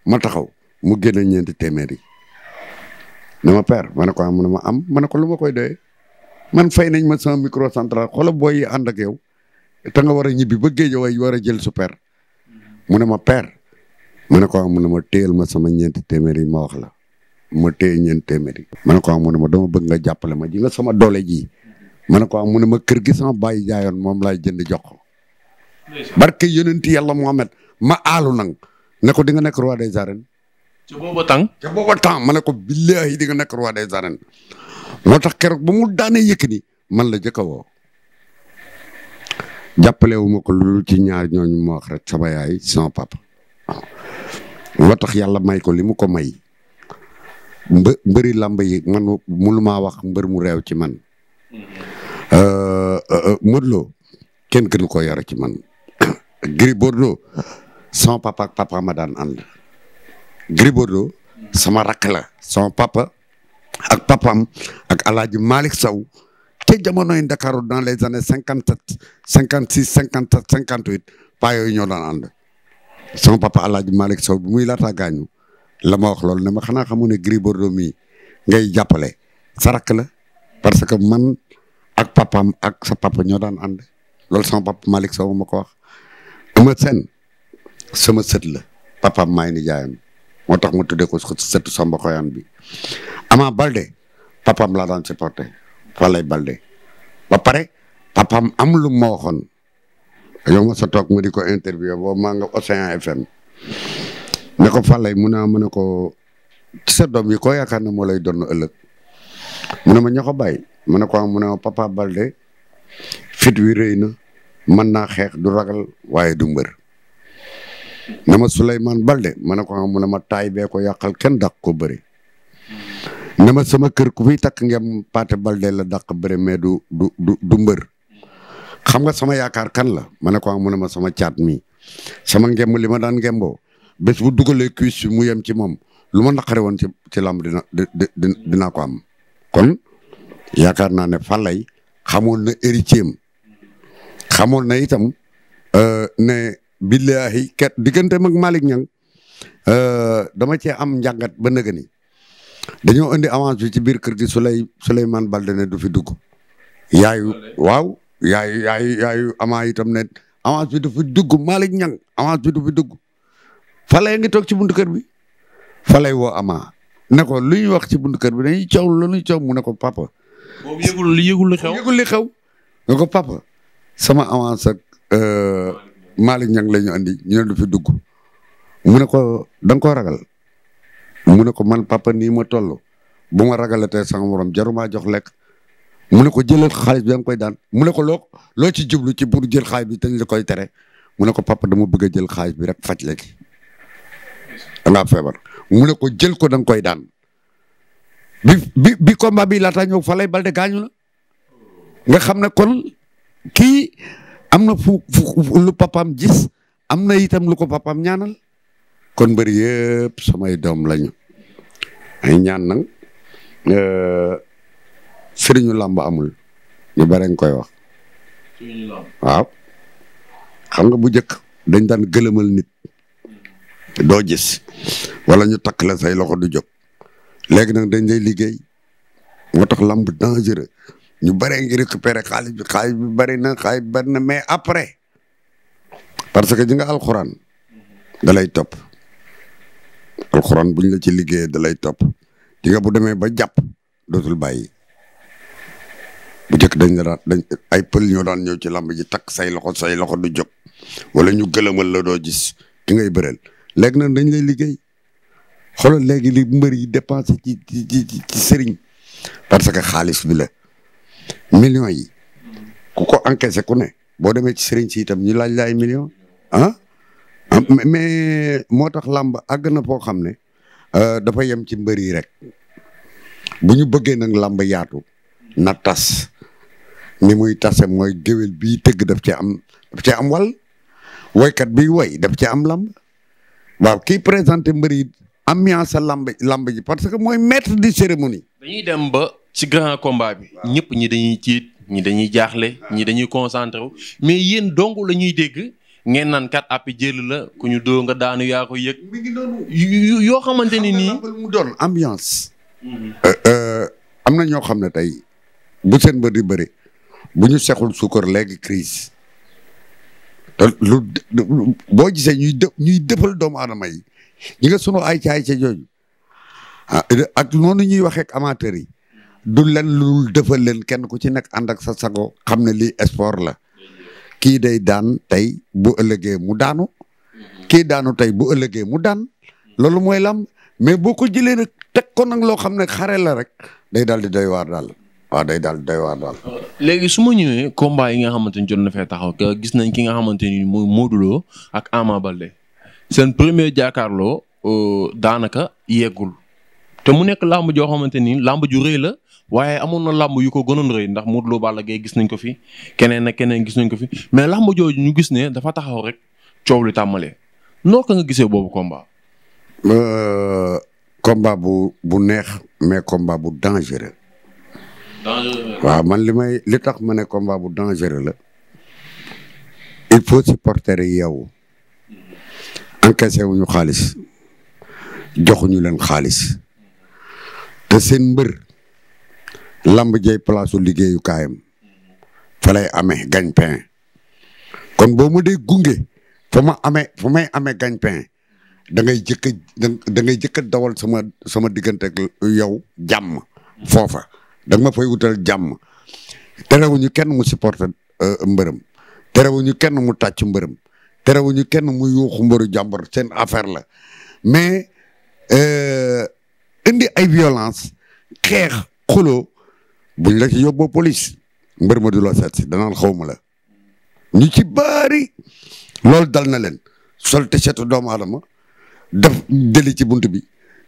S2: ma taxaw mu génne ñeenti téeméer yi ne ma per ma ne ko ah, am ma am ne ko lu ma koy doyee man fay nañ ma sama micro central xoolal booy yi ànd ak yow te nga war a ñibbi ba géej way war a jël su père mu ne ma per ma ne ko ah mu ma téyel ma sama ñeenti téeméer yi ma wax la ma téye ñeenti téeméer yi. ma ne ko ah mu ma dama bëgg nga jàppale ma ji nga sama doole ji ma ne ko ah mu ne ma kër gi sama bàyyi jaayoon moom laay jëndi jox ko. barke ti yàlla Muhammad ma aalu nang ne ko di nga nekk roi des ma ne ko billahi di nga nekk roi des moo tax keroog ba mu daanee ni man la jëkk a woo jàppale ko lu ci ñaar ñooñu ma wax rek sama yaay sama papa moo tax yàlla may ko li mu ko may mbë mbëri làmb yi man munu maa wax mbër mu réew ci man. Mm-hmm. Euh, euh, euh, Modou kenn gënu ko yore ci man. Gris sama papa ak ma daan ànd. Gris sama rakk la sama papa ak papam ak alaaji Malick Sow ca jamonoy Ndakaaru dans les années cinquante sept cinquante six cinquante sept cinquante huit paa yooyu ñoo daan ànd sama papa alaaji Malick Sow bi muy laata gaañu la ma wax loolu ne ma xanaa xamu ne Gris Bordeaux mii ngay jàppale sa rakk la parce que man ak papam ak sa papa ñoo daan ànd loolu sama papa Malick Sow ma ko wax ama seen sama sët la papam papaam maay jaayam moo tax mu tuddee ko sëtu Samba Xoyaan bi Ama Balde papam laa daan supporter Falaye Balde ba pare papam am lu ma waxoon ma sa toog ma di ko interview boo maa nga Océan FM ne ko Falaye mu ah, ma ne ko ci sa doom yi ko yaakaar ne moo lay doon ëllëg mu ne ma ñoo bay bàyyi ne ko ah, mu ne ma papa Balde fit wi rëy na mën naa xeex du ragal waaye du mbër ne ma Souleymane Balde ma ne ko ah, mu ne ma taay bee ko yàqal kenn dàq ko bëri. ne ma sama kër ku fiy takk ngem Pathé Baldé la dàq bëre mais du du du mbër xam nga sama yaakaar kan la ma ne ko mu ne ma sama caat mi sama ngemb li ma daan ngemboo bés bu dugalee cuisse bi mu yem ci moom lu ma naqare woon ci ci làmb dina dinaa ko am kon yaakaar naa ne Fallay xamoon na héritier am xamoon na itam euh, ne billahi kat digganteem ak Malick Niang euh, dama cee am njàngat ba nëgëni dañoo indi avance bi ci biir kër gi Souley Souleymane Balde ne du fi dugg yaayu waaw yaayu yaayu yaayu amaa itam ne avance bi du fi dugg Malick Niang avance bi du fi dugg Falay ngi toog ci buntu kër bi Falay woo amaa ne ko lu ñuy wax ci buntu kër bi dañuy coow lu mu ne ko papa. boobu
S1: yëgul
S2: yëgul li ko papa sama avance ak euh, Malick Niang la ñu andi ñu ne du fi dugg mu ne ko da ko ragal. mu ne ko man papa nii ma toll bu ma ragalatee sama morom jarumaa jox lekk mu ne ko jëlal xaalis bi da nga koy daan mu ne ko loo loo ci jublu ci pour jël xaalis bi te ñu la koy tere mu ne ko papa dama bëgg a jël xaalis bi rek faj la ci da ngaa feebar mu ne ko jël ko da nga koy daan bi bi bi combat bi laataa ñëw fa lay balde gaañu na nga xam ne kon kii am na fu fu lu papaam gis am na itam lu ko papaam ñaanal. kon mbër samay doom lañu ay ñaan nag euh, sëriñu làmb amul ñu bare nga koy wax. sëriñu làmb waaw xam nga bu njëkk dañ daan gëlëmal nit doo gis wala ñu takk la say loxo du jóg léegi nag dañ lay liggéey moo tax làmb dangereux ñu bare ngi récupérer xaalis bi xaalis bi bari na xaalis bi bari na mais après parce que ji nga alxuraan da lay topp. bu ñu la ci liggéeyee da lay topp di nga bu demee ba jàpp dootul bàyyi bu njëkk dañ la daan dañ ay pël ñoo daan ñëw ci làmb ji takk say loxo say loxo du jóg wala ñu gëlëmal la doo gis ki ngay bëreel léegi nag dañ lay liggéey xoolal léegi li mbër yi dépensé ci ci sëriñ parce que xaalis bi la millions yi ku ko encaissé ku ne boo demee ci sëriñ si itam ñu laaj la ay millions ah Ah, mais moo tax làmb àgg na foo xam ne euh, dafa yem ci mbër yi rek bu ñu bëggee nag làmb yaatu na tas ni muy tase mooy géwel bii tëgg daf ci am daf ci am wal woykat bi woy daf ci am làmb waaw kii présenté mbër yi ambiance làmb làmb ji parce que mooy maître de cérémonie.
S1: dañuy dem ba ci grand combat bi. ñëpp ñi dañuy tiit ñi dañuy jaaxle ñi dañuy concentré wu mais yéen dong la ñuy dégg. ngeen naan kat appi jël la ku ñu doo nga daanu yaa ko yëg. mi ngi noonu yoo xamante ni
S2: nii. doon ambiance. Mhm. Euh, euh, am na ñoo xam ne tey bu seen bët di bëri bu ñu sexul suukar léegi crise te lu boo gisee ñuy dë ñuy dëfal doomu adama yi ñi nga sunu ay ca ay ca jooju ah, ak noonu ñuy waxee ak yi du len lu dëfal leen kenn ku ci nekk ànd ak sa sago xam ne lii sport la. kii day daan tey bu ëllëgee mu daanu kii daanu tey bu ëllëgee mu daan loolu mooy lam mais boo ko jëlee nag teg ko nag loo xam ne xare la rek day daal di doy waar daal waaw daal di doy waar daal.
S1: léegi su ma ñëwee combat yi nga xamante ni jot na fee taxaw gis nañ ki nga xamante ni mooy Modou ak Ama Baldé seen premier jàkkaarloo euh, daanaka yeggul te mu nekk làmb joo xamante ni làmb ju rëy la waaye amoon na làmb yu ko gënoon rëy ndax Modou Lo Balla gay gis nañ ko fi keneen ak keneen gis nañ ko fi mais làmb jooju ñu gis ne dafa taxaw rek
S2: coow li tàmmale noo ko nga gisee boobu combat. Euh, combat bu bu neex mais combat bu dangereux. waaw man li may li tax ma ne combat bu dangereux la. il faut yi yow encaissé wuñu xaalis joxuñu leen xaalis te seen mbër lamb jey place liggéeyu kaayam falay lay amee gagne kon boo ma dee gunge fa ma ame fa may amee gagne-pain da ngay jëkk ngay jëkk dawal sama sama diggante ak yow jàmm foofa da nga ma fay wutal jàmm terewuñu kenn mu supporter euh, mbërëm terewuñu kenn mu tàcc mbërëm terewuñu kenn mu yuuxu mbëru jàmbur seen affaire la mais euh, indi ay violence xeex xuloo buñ la yóbbu yóbboo police mbër ma du la seet si danaan xawma la ñu ci baari loolu dal na leen sol te seetu doomu aadama def deli ci bunt bi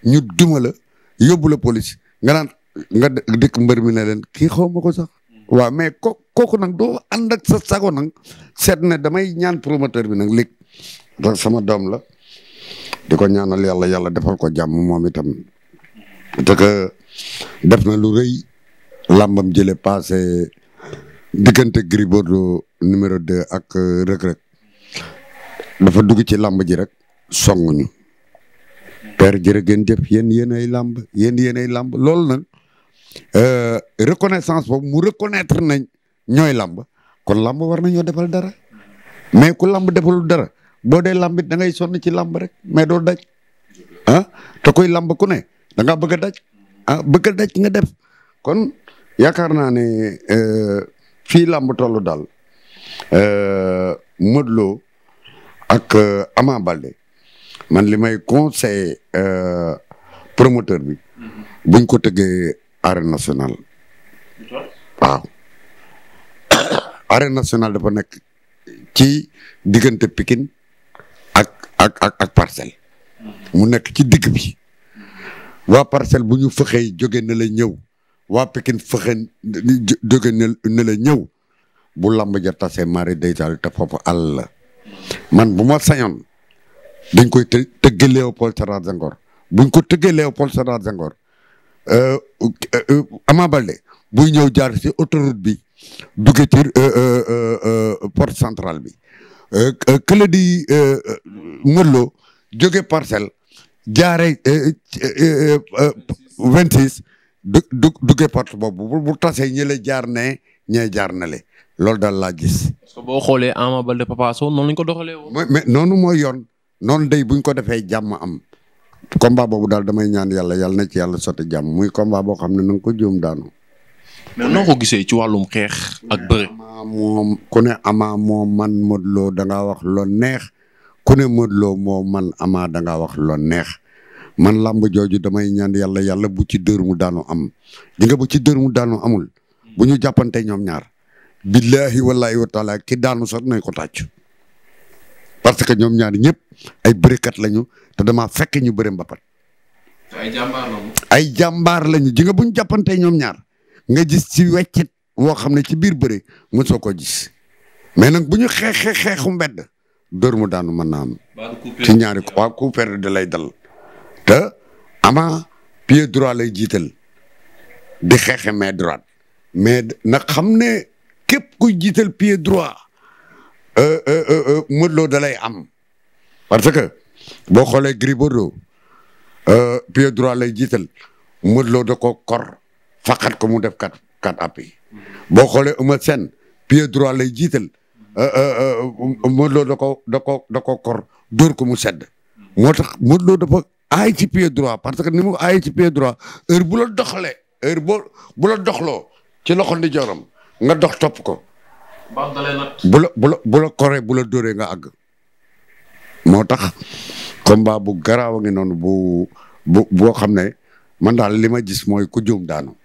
S2: ñu duma la yóbbu la police nga naan nga dëkk mbër mi ne leen kii xawma ko sax waaw mais ko kooku nag doo ànd ak sa sago nag seet na damay ñaan promoteur bi nag léegi donc sama doom la di ko ñaanal yàlla yàlla defal ko jàmm moom itam parce que def na lu rëy làmbam jële passé diggante Gris Bordeaux numéro deux ak euh, Reug Reug dafa dugg ci lamb ji rek songuñu père jërë ngeen jëf yéen yéen ay làmb yéen yéen ay làmb loolu nag euh, reconnaissance boobu mu reconnaître nañ ñooy lamb kon lamb war nañoo defal dara mais ku lamb defalul dara boo dee làmb it da ngay sonn ci làmb rek mais doo daj ah te koy lamb ku ne danga ngaa bëgg a ah bëgg a nga def kon yaakaar naa ne euh, fii làmb toll daal euh, Modou Lo ak euh, Ama Baldé man li may conseiller promoteur bi buñ ko tëggee arène nationale waaw arène nationale dafa nekk ci diggante pikin ak ak ak ak parcelle mu nekk ci digg bi waa parcelle bu ñu fëxee jóge na la ñëw waa Pikine fexe jóge ne ñëw bu lamb ja tase mari daytaal te foofu àll la man bu ma sañoon dañ koy të tëggee Léopold Sédar Senghor buñ ko tëggee Léopold Sédar Senghor euh, euh, Ama Baldé buy ñëw jaar ci autoroute bi dugge ci euh, porte centrale bi kële di Modou jóge parcelle jaare vingt six du du duggee porte boobu bu tasee ñi la jaar ne ñee jaar na le loolu daal laa gis.
S1: parce que boo xoolee Ama Baldé Papa Sow noonu lañ ko doxalee woon.
S2: mais noonu mooy yoon noonu dey buñ ko defee jàmm am. combat boobu daal damay ñaan yàlla yàlla na ci yàlla sotti jàmm muy combat boo xam ne na ko jóom daanu. mais noo ko gisee ci wàllum xeex ak bëre. Ama moom ne Ama moo man Modou Lo da ngaa wax loo neex ku ne Modou moo man amaa da ngaa wax loo neex. man làmb jooju damay ñaan yàlla yàlla bu ci dër mu daanu am di nga bu ci dër mu daanu amul bu ñu jàppante ñoom ñaar billahi wallahi wa taala ki daanu sax nañ ko tàcc parce que ñoom ñaar ñëpp ay bërekat lañu te damaa fekk ñu bëre mbapat ay jàmbaar lañu ay bu ñu ji jàppante ñoom ñaar nga gis ci weccit woo xam ne ci biir bëre mosoo ko gis mais nag bu ñu xeex xeexu mbedd dër mu daanu mën naa am ci ñaari waaw coup perdu da lay dal te ama pied droit lay jiital di xeexe main droite mais nag xam ne képp kuy jiital pied droit euh, euh, euh, Modou Lo dalay am parce que boo xoolee Gris Bordeaux pied droit lay jiital Modou Lo da ko kor faqat ko mu def kat kat appui boo xoolee Eumeu Sène pied droit lay jiital Modou Lo da ko da ko da ko kor dóor ko mu sedd moo tax Modou Lo aay ci pied droit parce que ni mu aay ci pied droit heure bu la doxalee heure boo bu doxloo ci loxo ni joram nga dox topp ko. bu la bu la bu la koree nga àgg. moo tax combat bu garaaw a noonu bu bu boo xam ne man daal li ma gis mooy ku juum daanu.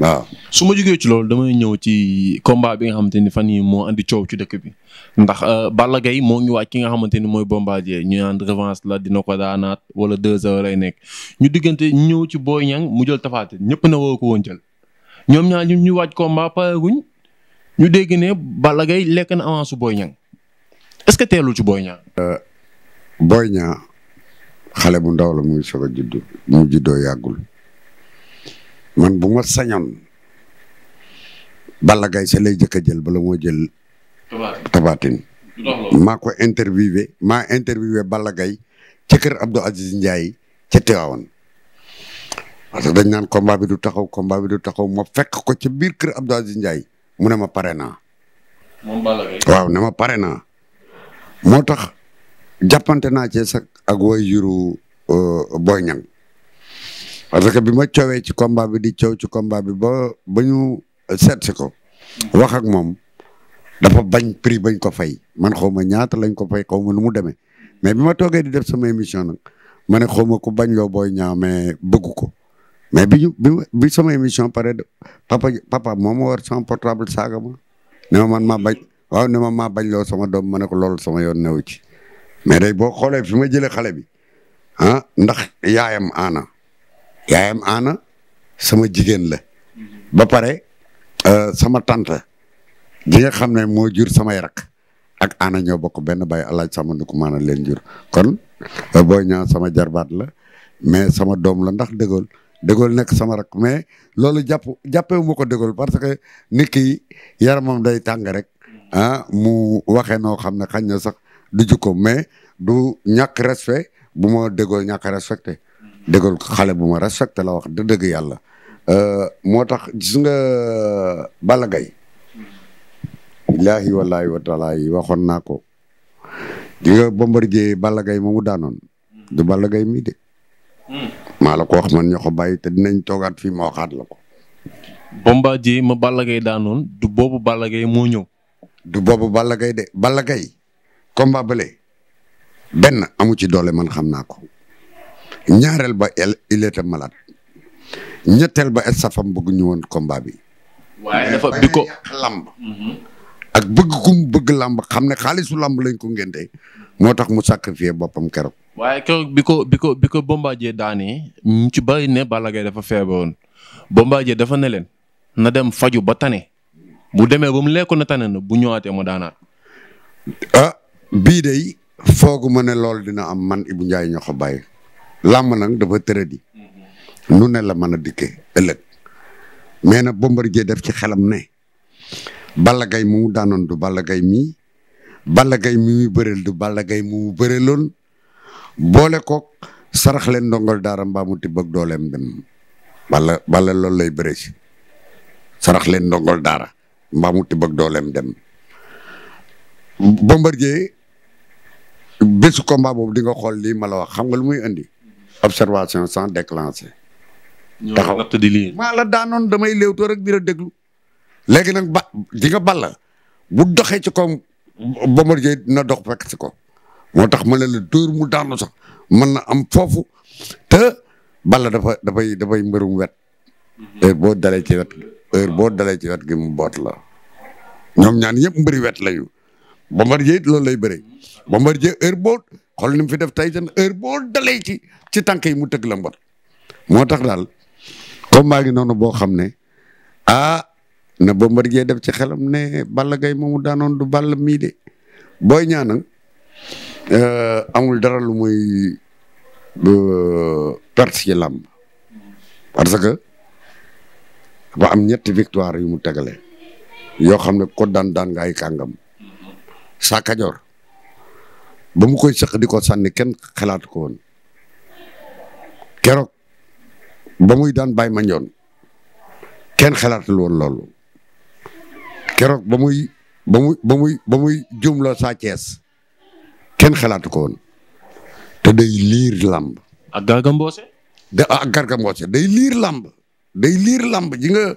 S2: waaw su ma jógee ci loolu damay
S1: ñëw ci combat bi nga xamante ni fan yi moo indi coow ci dëkk bi ndax euh, Balla Gaye moo ngi waaj ki nga xamante ni mooy Bombardier ñu naan revanche la dina ko daanaat wala deux heures lay nekk ñu diggante ñëw ci Boy Niang mu jël Tapha Tine ñëpp na woo ko woon jël ñoom ñaar ñu ñu waaj combat pareeguñ ñu dégg ne Balla gay lekk na avance su Boy Niang est-ce que teelul
S2: ci Boy Niang. Euh, Boy Niang xale bu ndaw la mu ngi soog a juddu mu juddoo yàggul. man bu ma sañoon Balla Gaye sa lay jëkk a jël bala moo jël. Tabaatine maa ko interviewé maa interviewé Balla gay ci kër Abdou Aziz Ndiaye ca Tiwaawan parce que dañ naan combat bi du taxaw combat bi du taxaw ma fekk ko ci biir kër Abdou Aziz Ndiaye mu ne ma pare naa. moom Balla waaw ne ma pare naa moo tax jàppante naa ci sax ak woy juru euh, Boy Niang parce que bi ma coowee ci combat bi di coow ci combat bi ba bañu ñu si ko. wax moom dafa bañ prix bañ ko fay man xaw ma ñaata lañ ko fay xaw ma nu mu demee mais bi ma toogee di def sama émission nag ma ne xaw ma ku bañ loo booy ñaaw mais bëgg ko mais bi sama émission pare papa papa moom ma war sama portable saaga ma ne ma man maa bañ waaw ne ma maa bañ loo sama doom ma ne ko loolu sama yoon newu ci mais day boo xoolee fi ma jëlee xale bi ah ndax yaayam aana. yaayam aana sama jigéen la ba pare euh, sama tante ji nga xam ne moo jur samay rak ak aana ñoo bokk benn bay alaaj sama nduku maana leen jur kon euh, booy ñaa sama jarbaat la mais sama doom la ndax dëggool dëggool nekk sama rek mais loolu jàpp jàppewu ma ko dëggool parce que nit ki yaramam day tàng rek ah mu waxee noo xam ne xañ na sax du jukko mais du ñàkk respect bu ma dëggool ñàkk respecté dëggal xale bu ma respecté la wax dëgg yàlla euh, moo tax gis nga Balla Gaye billaahi wallaahi wa waxoon naa ko di nga Bombardier Balla Gaye moomu daanoon du Balla gay mii de maa la ko wax man ñoo ko bàyyi te dinañ toogaat fi ma waxaat la ko
S1: Bombardier ma Balla Gaye
S2: daanoon du boobu Balla Gaye moo ñëw du boobu Balla gay de Balla Gaye combat bële benn amu ci doole man xam naa ko ñaareel ba il était ñetteel ba estafam bëgg ñu woon combat bi. waaye ko mhm. ak bëgg kum bëgg xam ne xaalisu lamb lañ ko ngénte moo tax mu sacrifier boppam keroog.
S1: waaye keroog bi ko bi ko ko Bombardier daane ñu ci bëri ne Balla Gaye dafa feebaroon Bombardier dafa ne leen na dem faju ba tane
S2: bu demee ba mu lekk na tane na bu ñëwaatee ma daanaat. Ah, bii de foogu ma ne lool dina am man Ibou Ndiaye ñoo ko bàyyi. làmb nag dafa tëradi. nu ne la mën a dikkee ëllëg. mais nag Bombardier def ci xelam ne. bala Gaye mu daanoon du Balla Gaye mii. Balla ga mi muy bëreel du Balla Gaye mu mu bëreeloon. boole koog sarax leen ndongol daara mbaa mu tibb ak dooleem dem. Balla Balla loolu lay bëree si. sarax leen ndongol daara. mbaa mu tibb ak dooleem dem. Bombardier bésu combat boobu di nga xool lii ma la wax xam nga lu muy indi. observation sans déclencher. taxaw ñoo di lii. maa la daanoon damay léewtoo rek di la déglu. léegi nag ba di nga balla bu doxee ci koom Bombardier dina dox fekk ci ko moo tax ma ne la dóor mu daanu sax mën na am foofu te balla dafa dafay dafay mbërum wet. Mhm. heure boo dalee ci wet heure boo dalee ci wet gi mu boot la ñoom ñaan yëpp mbëri wet lañu Bombardier it loolu lay bëri mhm. Bombardier heure boo. xool ni fi def tay jën heure boo dalee ci ci tànk yi mu tëgg la moo tax daal comme maa noonu boo xam ne ah na ba Bombardier def ci xelam ne Balla Gaye moomu daanoon du Balla mii de booy Niang nag euh, amul dara lu muy euh, perte ci làmb parce que ba am ñetti victoire yu mu tegale yoo xam ne ko daan daan nga ay kàngam saa kajoor ba mu koy sëq di ko sànni kenn xalaatu ko woon keroog ba muy daan bàyyi ma ñoon kenn xalaatul woon loolu keroog ba muy ba muy ba muy ba Sa Thiès kenn xalaatu ko woon te day liir làmb ak Garga Mbossé day liir làmb day liir làmb ji nga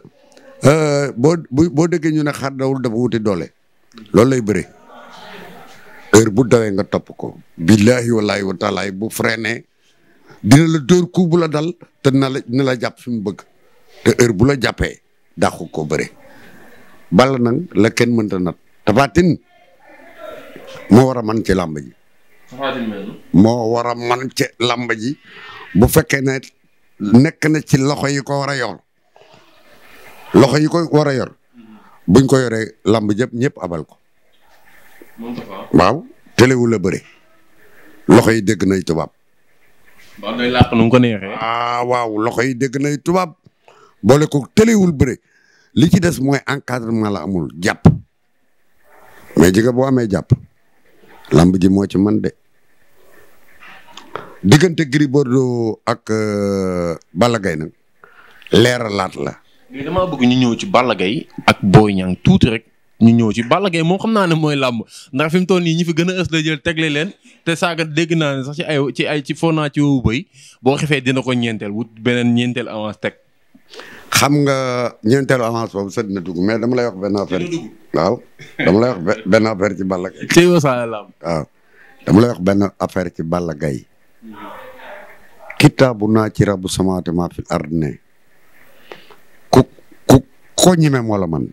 S2: euh, boo boo déggee ñu ne xar dawul dafa wuti doole loolu lay bëre heure bu dawee nga topp ko billaahi wallaahi wa taalaay bu freiné dina la dóor ku bu la dal te na la dina la jàpp fi mu bëgg te heure bu la jàppee dàqu ko bëre Balla nag la kenn mënta nat Tapha moo war a man ci làmb ji moo war a man ci ji bu fekkee ne nekk na ci loxo yi ko war a yor loxo yi ko war a yor mm-hmm. buñ ko yoree lamb jëpp ñëpp abal ko waaw téléwu la bëre loxo yi dëgg nay tubaab. waaw ah, waaw loxo yi dégg nay tubaab boole ko téléwul bëre li ci des mooy encadrement la amul jàpp mais jigéen boo amee jàpp lamb ji moo ci man de diggante Gris Bordeaux ak euh, Balla Gaye nag leeralaat la.
S1: mais ñu ñëw ci Balla ak Boy Niang tuuti rek. ñu ñëw ci Balla Gaye moom xam naa ne mooy làmb ndax fi mu toll nii ñi fi gën a ës la jël tegle leen te saaga dégg naa ne sax ci ay ci ay ci foo naa ci boo xefee dina ko ñeenteel
S2: wut beneen ñeenteel avance teg. xam nga ñeenteelu avance boobu sax na dugg mais dama lay wax benn affaire waaw dama lay benn affaire ci Balla Gaye. ci Wassare Lamb waaw dama affaire ci Balla Gaye. kitaabu naa ci rabu samaate maa fi arne ku ku koo man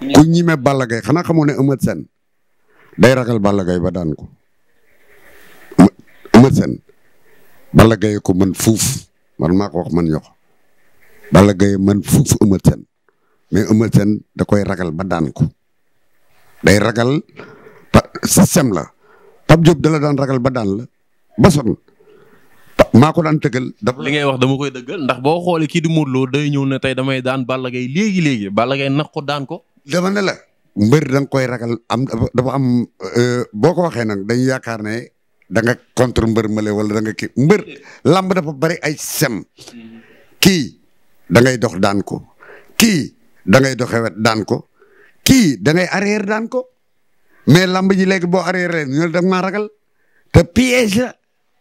S2: ku ñime Balla Gaye xanaa xamoo ne Eumeu Sène day ragal Balla gay ba daan ko Eumeu Sène Balla gay ko man fuuf man maa ko wax man ñox Balla gay mën fuuf Eumeu Sène mais Eumeu Sène da koy ragal ba daan ko day ragal pa système la Pape Diop dala la daan ragal ba daan la ba sonn maa ko daan tëggal. li ngay
S1: wax dama koy dëggal ndax boo xoolee kii di Modou Lo ñëw ne tey damay daan Balla gay léegi léegi Balla Gaye nax ko
S2: daan ko. dama ne la mbër dang koy ragal am dafa am euh, boo ko waxee nag dañu yaakaar ne da nga contre mbër mële wala da nga kii mbër làmb dafa bari ay sem kii da ngay dox daan ko kii da ngay doxe wet daan ko kii da ngay arrière daan ko mais làmb ji léegi boo arrière ñu da nga maa ragal te piège la.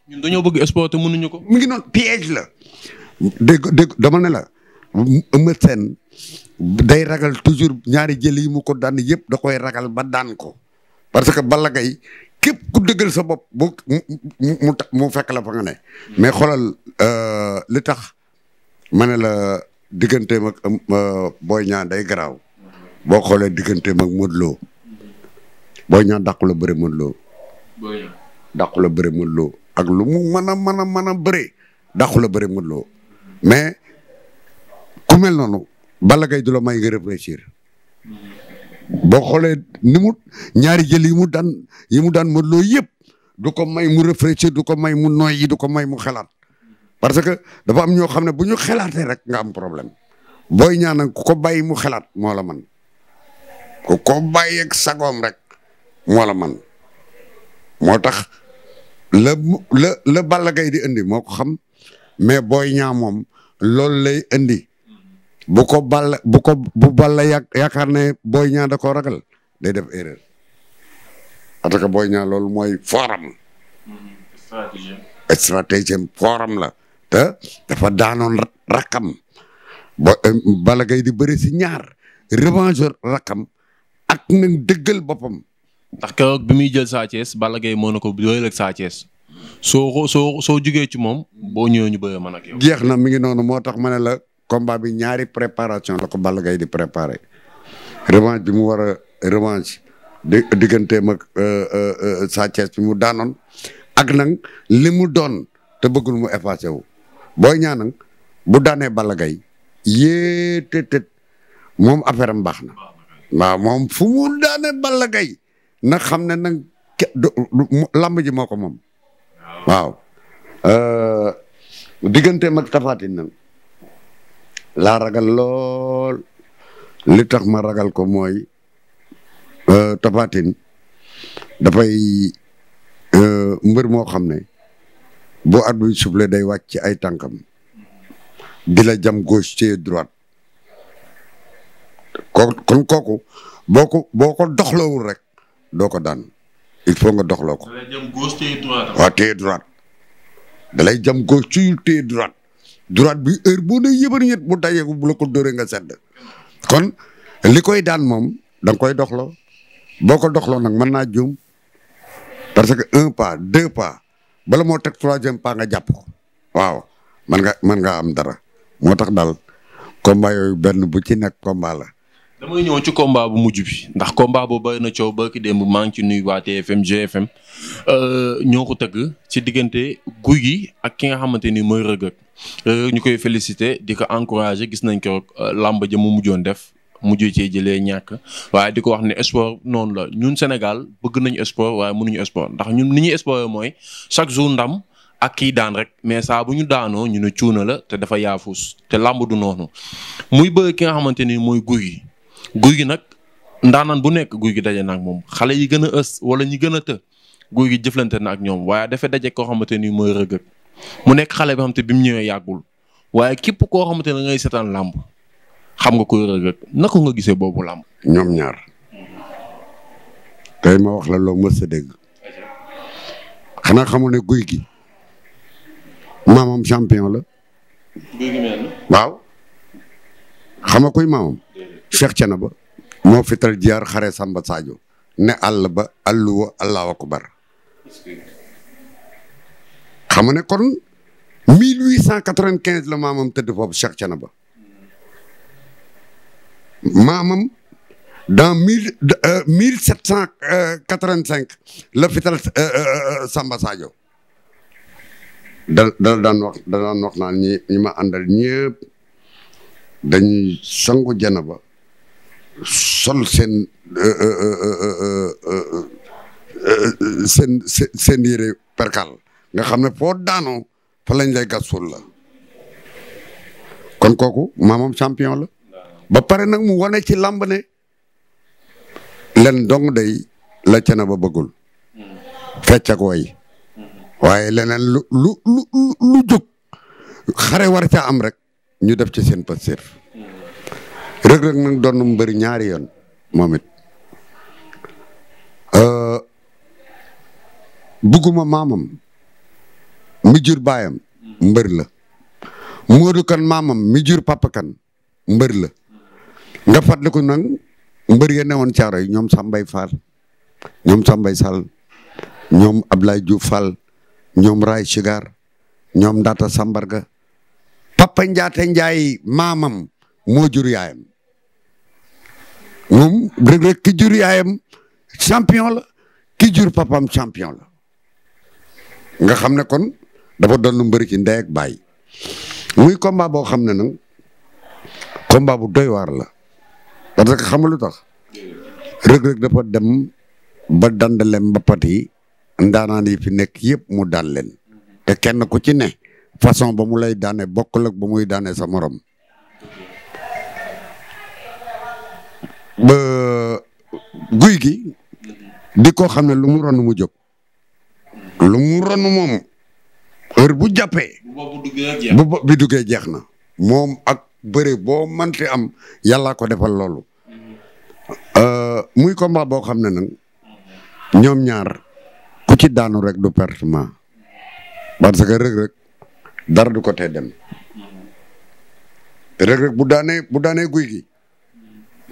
S2: ñun dañoo bëgg sport te mënuñu ko. mu ngi noon piège la. dégg dégg dama ne la Eumeu Sène day ragal toujours ñaari jël yi mu ko daan yëpp da koy ragal ba daan ko parce que Balla Gaye képp ku dëggal sa bopp bu mu fekk la fa nga ne. mais xoolal euh, li tax ma ne la digganteem ak euh, booy Niang day garaaw boo xoolee digganteem ak Modou Lo Boy Niang dàqu la bëre Modou Lo. Boy ak lu mu mën a mën a mën a bëre dàqu la bëre Modou Lo mais ku mel noonu. Balla Gaye du la may nga réfléchir boo xoolee ni mu ñaari jël yi mu daan yi mu daan Modou loo yëpp du ko may mu réfléchir du ko may mu noyyi du ko may mu xelaat parce que dafa am ñoo xam ne bu ñu xelaatee rek nga am problème booy ñaan ku ko bàyyi mu xelaat moo la man ku ko bàyyi ak sagoom rek moo la man moo tax la la la Balla Gaye di indi moo ko xam mais booy ñaa moom loolu lay indi bu ko ball bu ko bu balla ya yaakaar ne booy ñaa da koo ragal day def erreur parce que booy ñaa loolu mooy forum. stratégie am. stratégie la dafa daanoon rakam bo euh, Balla Gaye di bëri si ñaar revanche rakam ak nag dëggal boppam.
S1: ndax keroog bi muy jël Sa Thiès Balla
S2: Gaye moo na ko doyal ak Sa Thiès soo soo soo jugee ci moom boo ñëwee ñu bëri man ak yow. jeex na mi ngi noonu moo tax ma ne la. combat bi ñaari préparation la ko Balla di préparé revanche bi mu war a revanche di digganteem ak euh, euh, euh, Sa Thiès bi mu daanoon ak nag li mu doon te bëggul mu effacé wu booy ñaa bu daanee Balla Gaye yée te moom affaire am baax waaw moom fu mu daanee Balla na na xam ne nag lamb ji moo ko moom waaw digganteem ak Tapha Tine nag laa ragal lool li tax ma ragal ko mooy euh, Tapha Tine dafay euh, mbër moo xam ne boo at buy day wàcc ci ay tànkam di la jam gauche te droite ko kon kooku boo ko boo ko doxloowul rek doo ko daan il faut nga doxloo ko.
S1: da jam gauche te
S2: droite. da lay jam gauche ci te droite. droite bi heure boo dee yëbar ñett bu dajeeku bu la ko dóoree nga sedd kon li koy daan moom da nga koy doxloo boo ko doxloo nag mën naa juum parce que un pas deux pas bala moo teg troisième pas nga jàpp ko waaw man nga mën ngaa am dara moo tax dal komba yooyu benn bu ci nekk combat la.
S1: damay ñëw ci combat bu mujj bi ndax combat boo bëri na coow ba ki démb maa ngi ci nuyu waa fm GFM euh, ñoo ko tëgg ci diggante guy gi ak ki nga xamante ni mooy Reug Euh, ñu koy félicité di ko encourager gis nañ ko euh, làmb ja mu mujjoon def mujjee cee jëlee ñàkk waaye di ko wax ne sport noonu la ñun Sénégal bëgg nañu sport waaye mënuñu sport ndax ñun ni ñuy sport mooy chaque jour ndam ak kii daan rek mais saa bu ñu daanoo ñu ne cuuna la te dafa yaafus te làmb du noonu muy bëgg ki nga xamante ni mooy guy gi guy gi nag ndaanaan bu nekk guy gi daje na moom xale yi gën a ës wala ñi gën a të guy gi jëflante na ak ñoom waaye dafa daje koo xamante ni mooy rëgg mu nekk xale bi xam te bi mu ñëwee yàggul waaye képp koo xamante ne da ngay seetaan
S2: làmb xam
S1: nga koy rëg naka nga gisee boobu làmb.
S2: ñoom ñaar tey ma wax la loo mës a dégg xanaa xamul guy gi maamam champion la. guy gi mel waaw xam nga kuy maamam. Cheikh Thiénaba moo fital jiyaar xare Samba saajo ne àll ba alluwa allahu akbar xam nga ne kon 1895 la maamam tëdd foofu Cheikh Thiénaba maamam dans mille euh, mille sept cent quatre-vingt-cinq la fital euh, euh, Samba Sadio da da daan wax naan ñi ñi ma àndal ñëpp dañuy sangu janaba sol seen seen seen perkal nga xam ne foo daanoo fa lañ lay gas suul la kon kooku maamam champion la ba pare nag mu wane ci làmb ne len dong day la cana ba bëggul fecc way waaye leneen lu lu lu lu jóg xare war ca am rek ñu def ci seen pastéef Reug Reug nag doon na mu bëri ñaari yoon moom it euh, bugguma maamam mi jur baayam mbër la Modou Kan maamam mi jur Papa Kan mbër la nga fàttaliku nag mbër ya newoon caaro yi ñoom Sambay Fall ñoom Sambay Sall ñoom Ablaye Diouf Fall ñoom Ray Sigar ñoom Ndata Sambarga Papa Njaate Njaay maamam moo jur yaayam moom Reug Reug ki yaayam champion la ki jur papam champion la nga xam ne kon dafa doon mbëri ki ndey ak baay muy combat boo xam ne nag combat bu doy waar la parce que xam nga lu tax rëg-rëg dafa dem ba dandale mbappat yi ndaanaan yi fi nekk yëpp mu daan leen kenn ku ci ne façon ba mu lay daane bokkul ak ba muy daane sa morom ba guy gi di ko xam ne lu mu ron mu jóg lu mu ron moom heure bu jàppee. bu boobu jeex na bu duggee jeex na moom ak bëre boo mënti am yàllaa ko defal loolu. Mm-hmm. Euh, muy combat boo xam ne nag ñoom ñaar ku ci daanu rek du pertement parce que Reug Reug dara du ko tee dem mm-hmm. Reug Reug bu daanee guy gi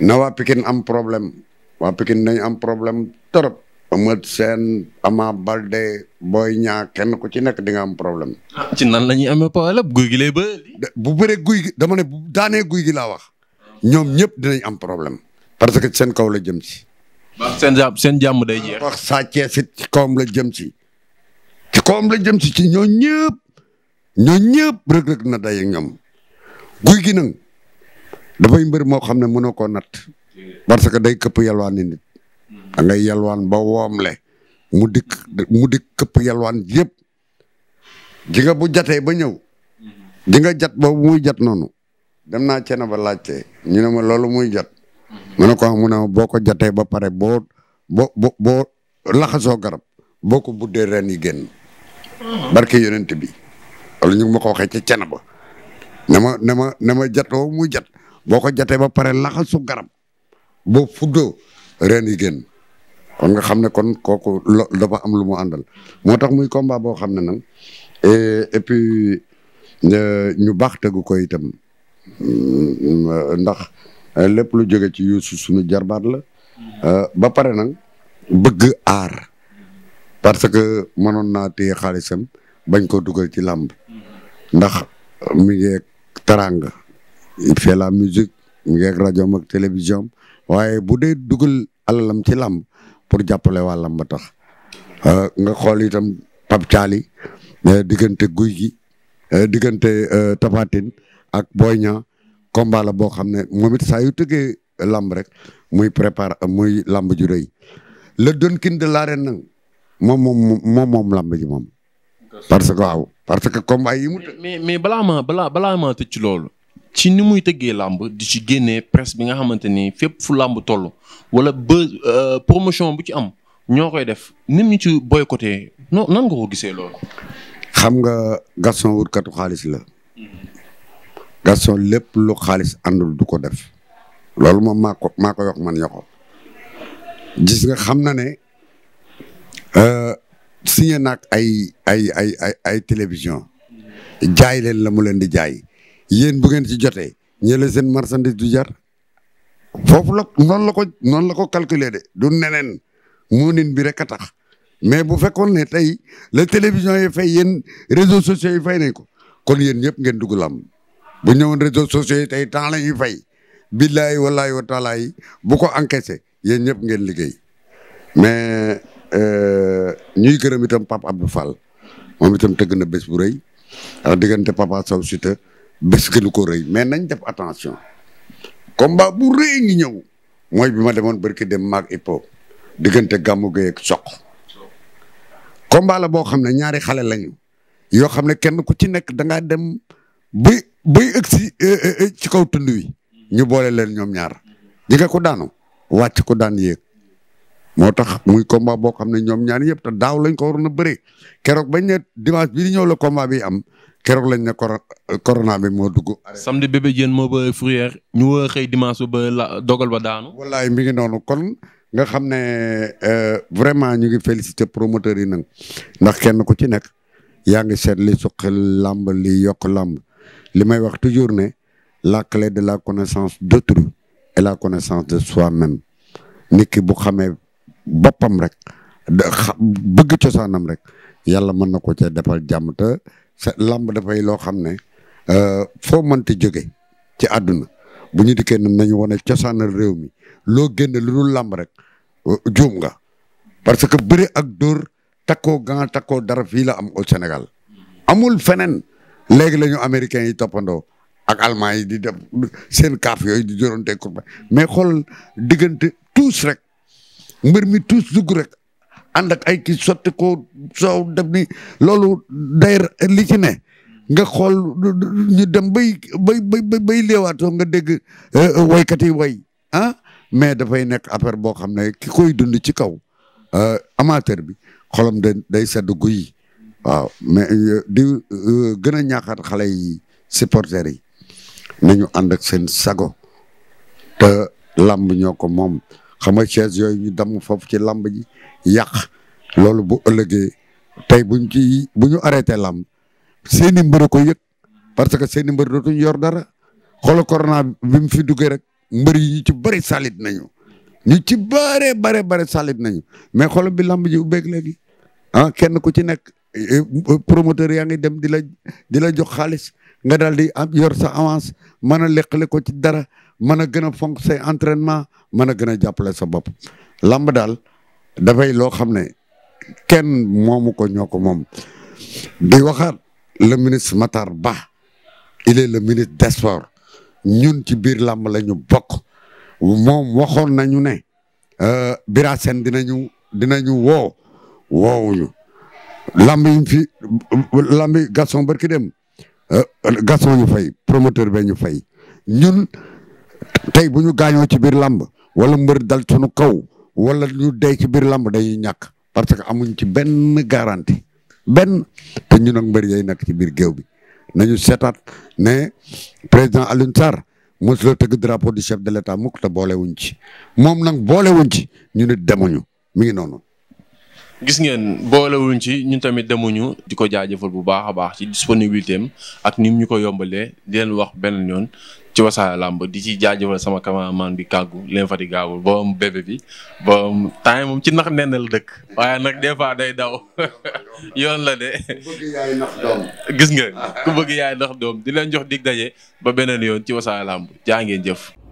S2: na waa Pikine am problème waa Pikine nañ am problème trop Eumeu Sène Ama Baldé Boy Niang kenn ku ci nekk di nga am problème. Ah, ci nan la ñuy amee problème guy gilee lay bu bëree guy gi dama bu daanee guy gi laa wax ñoom ñëpp dinañ am problème parce que seen kaw la jëm ci. seen jàmm seen jàmm day jeex. wax ci kawam la jëm ci. ci kawam la jëm ci ci ñoo ñëpp na day ak guy gi nag dafay mbër moo xam ne mënoo koo natt parce que day këpp yalwaan nit. da nga yalwaan ba woomle mu dikk mu dikk këpp yalwaan yëpp ji bu jatee ba ñëw ji nga jat boobu muy jat noonu dem naa cene ba laajte ñu ne ma loolu muy jat mu ne ko mu ne boo ko jatee ba pare boo boo laxasoo garab boo ko buddee ren yi génn barke yonent bi wala ñu ma ko waxee ca cena ba na ma na ma na ma jatoo muy jat boo ko jatee ba pare laxasu garab boo fuddoo ren yi génn kon nga xam ne kon kooku lo dafa am lu mu àndal moo tax muy combat boo xam ne nag eh, et puis eh, ñu baax tegu koy itam mm, ndax eh, lépp lu jóge ci Youssou suñu jarbaat la ba pare nag bëgg aar parce que mënoon naa téye xaalisam bañ koo dugal ci làmb ndax mi ngi taranga il la musique mu ngi ak rajoom ak waaye bu dee dugal alalam ci làmb pour jàppale waa lamb ba tax euh, nga xool itam Pape Thiali euh, diggante guy gi euh, diggante Tapha ak Boy Niang combat boo xam ne moom it saa yu tëggee lamb rek muy prépare muy lamb ju la le Donkin de l'arène nag moom moom moom lamb ji moom parce que waaw parce que combat yi
S1: mais mais balaa ma balaa balaa ma tëj ci loolu. ci ni muy tëggee làmb di ci génnee presse bi nga xamante ni fépp fu làmb toll wala ba euh, promotion bu ci am ñoo koy def nit ñi ci boycotté non nan nga ko gisee loolu.
S2: xam nga Gaston wutkatu xaalis la. Gaston lépp lu xaalis àndul du ko def. loolu moom maa ko maa ko wax man yoko gis nga xam na ne euh, signé naag ay ay ay ay ay télévision. jaay leen la mu leen di jaay. yéen bu ngeen ci jotee ñële seen marchandise du jar foofu la noonu la ko noonu la ko calculer de du neneen muunin bi rek a tax mais bu fekkoon ne tey la télévision yi fay yéen réseaux sociaux yi fay nañ ko kon yéen ñëpp ngeen dugg làmb bu ñëwoon réseaux sociaux yi tey temps la ñuy fay billaay wallaay wa taala bu ko encaissé yéen ñëpp ngeen liggéey mais euh, ñuy gërëm itam Pape Abdou Fall moom itam tëgg na bés bu rëy diggante Papa Sow bés gënu ko rey mais nañ def attention combat bu rëy ngi ñëw mooy bi ma demoon barki dem maag hip-hop diggante Gamou Gueye ak Sokh combat la boo xam ne ñaari xale lañu yoo xam ne kenn ku ci nekk da dem bay bay ëgsi e, e, e, ci kaw tund ñu boole leen ñoom ñaar di nga ko daanu wàcc ko daan yéeg moo tax muy combat boo xam ne ñoom ñaar yëpp te daaw lañ ko waroon na bëree keroog bañ ne dimanche bi di ñëw la combat bi am keroog lañ ne corona bi moo dugg.
S1: samedi bébé Diène moo ba Fourrière ñu woo xëy dimanche ba la dogal ba daanu.
S2: wallaay mi ngi kon nga xam ne euh, vraiment ñu ngi féliciter promoteurs yi nag ndax kenn ku ci nekk yaa ngi seet li suqi làmb li yokk làmb li may wax toujours ne la clé de la connaissance d'autrui et la connaissance de soi-même nit ki bu xamee boppam rek bëgg cosaanam rek yàlla mën na ko cee defal jàmm te sa làmb dafay loo xam ne euh, foo mënti jóge ci àdduna bu ñu dikkee nañu wane cosaanal réew mi loo génn lu dul làmb rek euh, juum nga parce que bëre ak dóor takkoo gan takkoo dara fii la am au Sénégal amul feneen léegi lañu ñu américains yi toppandoo ak allemand yi di def seen kaaf yooyu di doronte ko mais xool diggante tuus rek mbër mi tuus dugg rek ànd ak ay kii sotti ko soow def loolu day li ci ne nga xool ñu dem bay bay bay bay nga dégg euh, waykat yi way ah mais dafay nekk affaire boo xam ne ki koy dund ci kaw euh, amateur bi xolam da day sedd guyy waaw mais euh, di gën a ñaaxaat xale yi supporters yi nañu ànd ak seen sago te làmb ñoo ko moom xam nga chaise yooyu ñu damm foofu ci làmb ji yàq loolu bu ëllëgee tey buñ ci bu ñu arrêté làmb seeni i mbër ko yëg parce que seeni i mbër dootuñ yor dara xoolal corona bi mu fi duggee rek mbër yi ñu ci bëri salit nañu ñu ci bëree bare bare salit nañu mais xoolal bi làmb ji ubbeeg léegi a ah, kenn ku ci nekk eh, eh, promoteur yaa ngi dem di la di la jox xaalis nga daal di am yor sa avance mën a leqale ko ci dara mën a gën a fonk say entraînement mën a gën a jàppale sa bopp làmb daal dafay loo xam ne kenn moomu ko ñoo ko moom di waxaat le ministre Matar Ba il est le ministre des sports ñun ci biir làmb la ñu bokk moom waxoon nañu ne euh, Bira Sène dinañu dinañu woo woowuñu làmb yi fi làmb yi Gaston euh, Gaston ñu fay promoteur be ñu fay ñun tey bu ñu gaañoo ci biir làmb wala mbër dal sunu kaw wala ñu dee ci biir làmb dañuy ñàkk parce que amuñ ci benn garantie benn te ñu nag mbër yay nekk ci biir géew bi nañu seetaat ne président Alioune Sarr mos la tëgg drapeau du chef de l'état mukk te boolewuñ ci moom nag boolewuñ ci ñu ne demuñu mi ngi noonu.
S1: gis ngeen boolewuñ ci ñun tamit demuñu di ko jaajëfal bu baax a baax ci disponibilité am ak ni ñu ko yombalee di leen wax benn yoon ci Wassare Lamb di ci jaajëfal sama cameraman bi kàggu l'infatigable borom bébé bi borom temps yi moom ci nax nenn la dëkk waaye nag des fois day daw yoon la de. gis nga ku bëgg yaay nax doom di leen jox dig daje ba beneen yoon ci Wassare Lamb jaa ngeen jëf.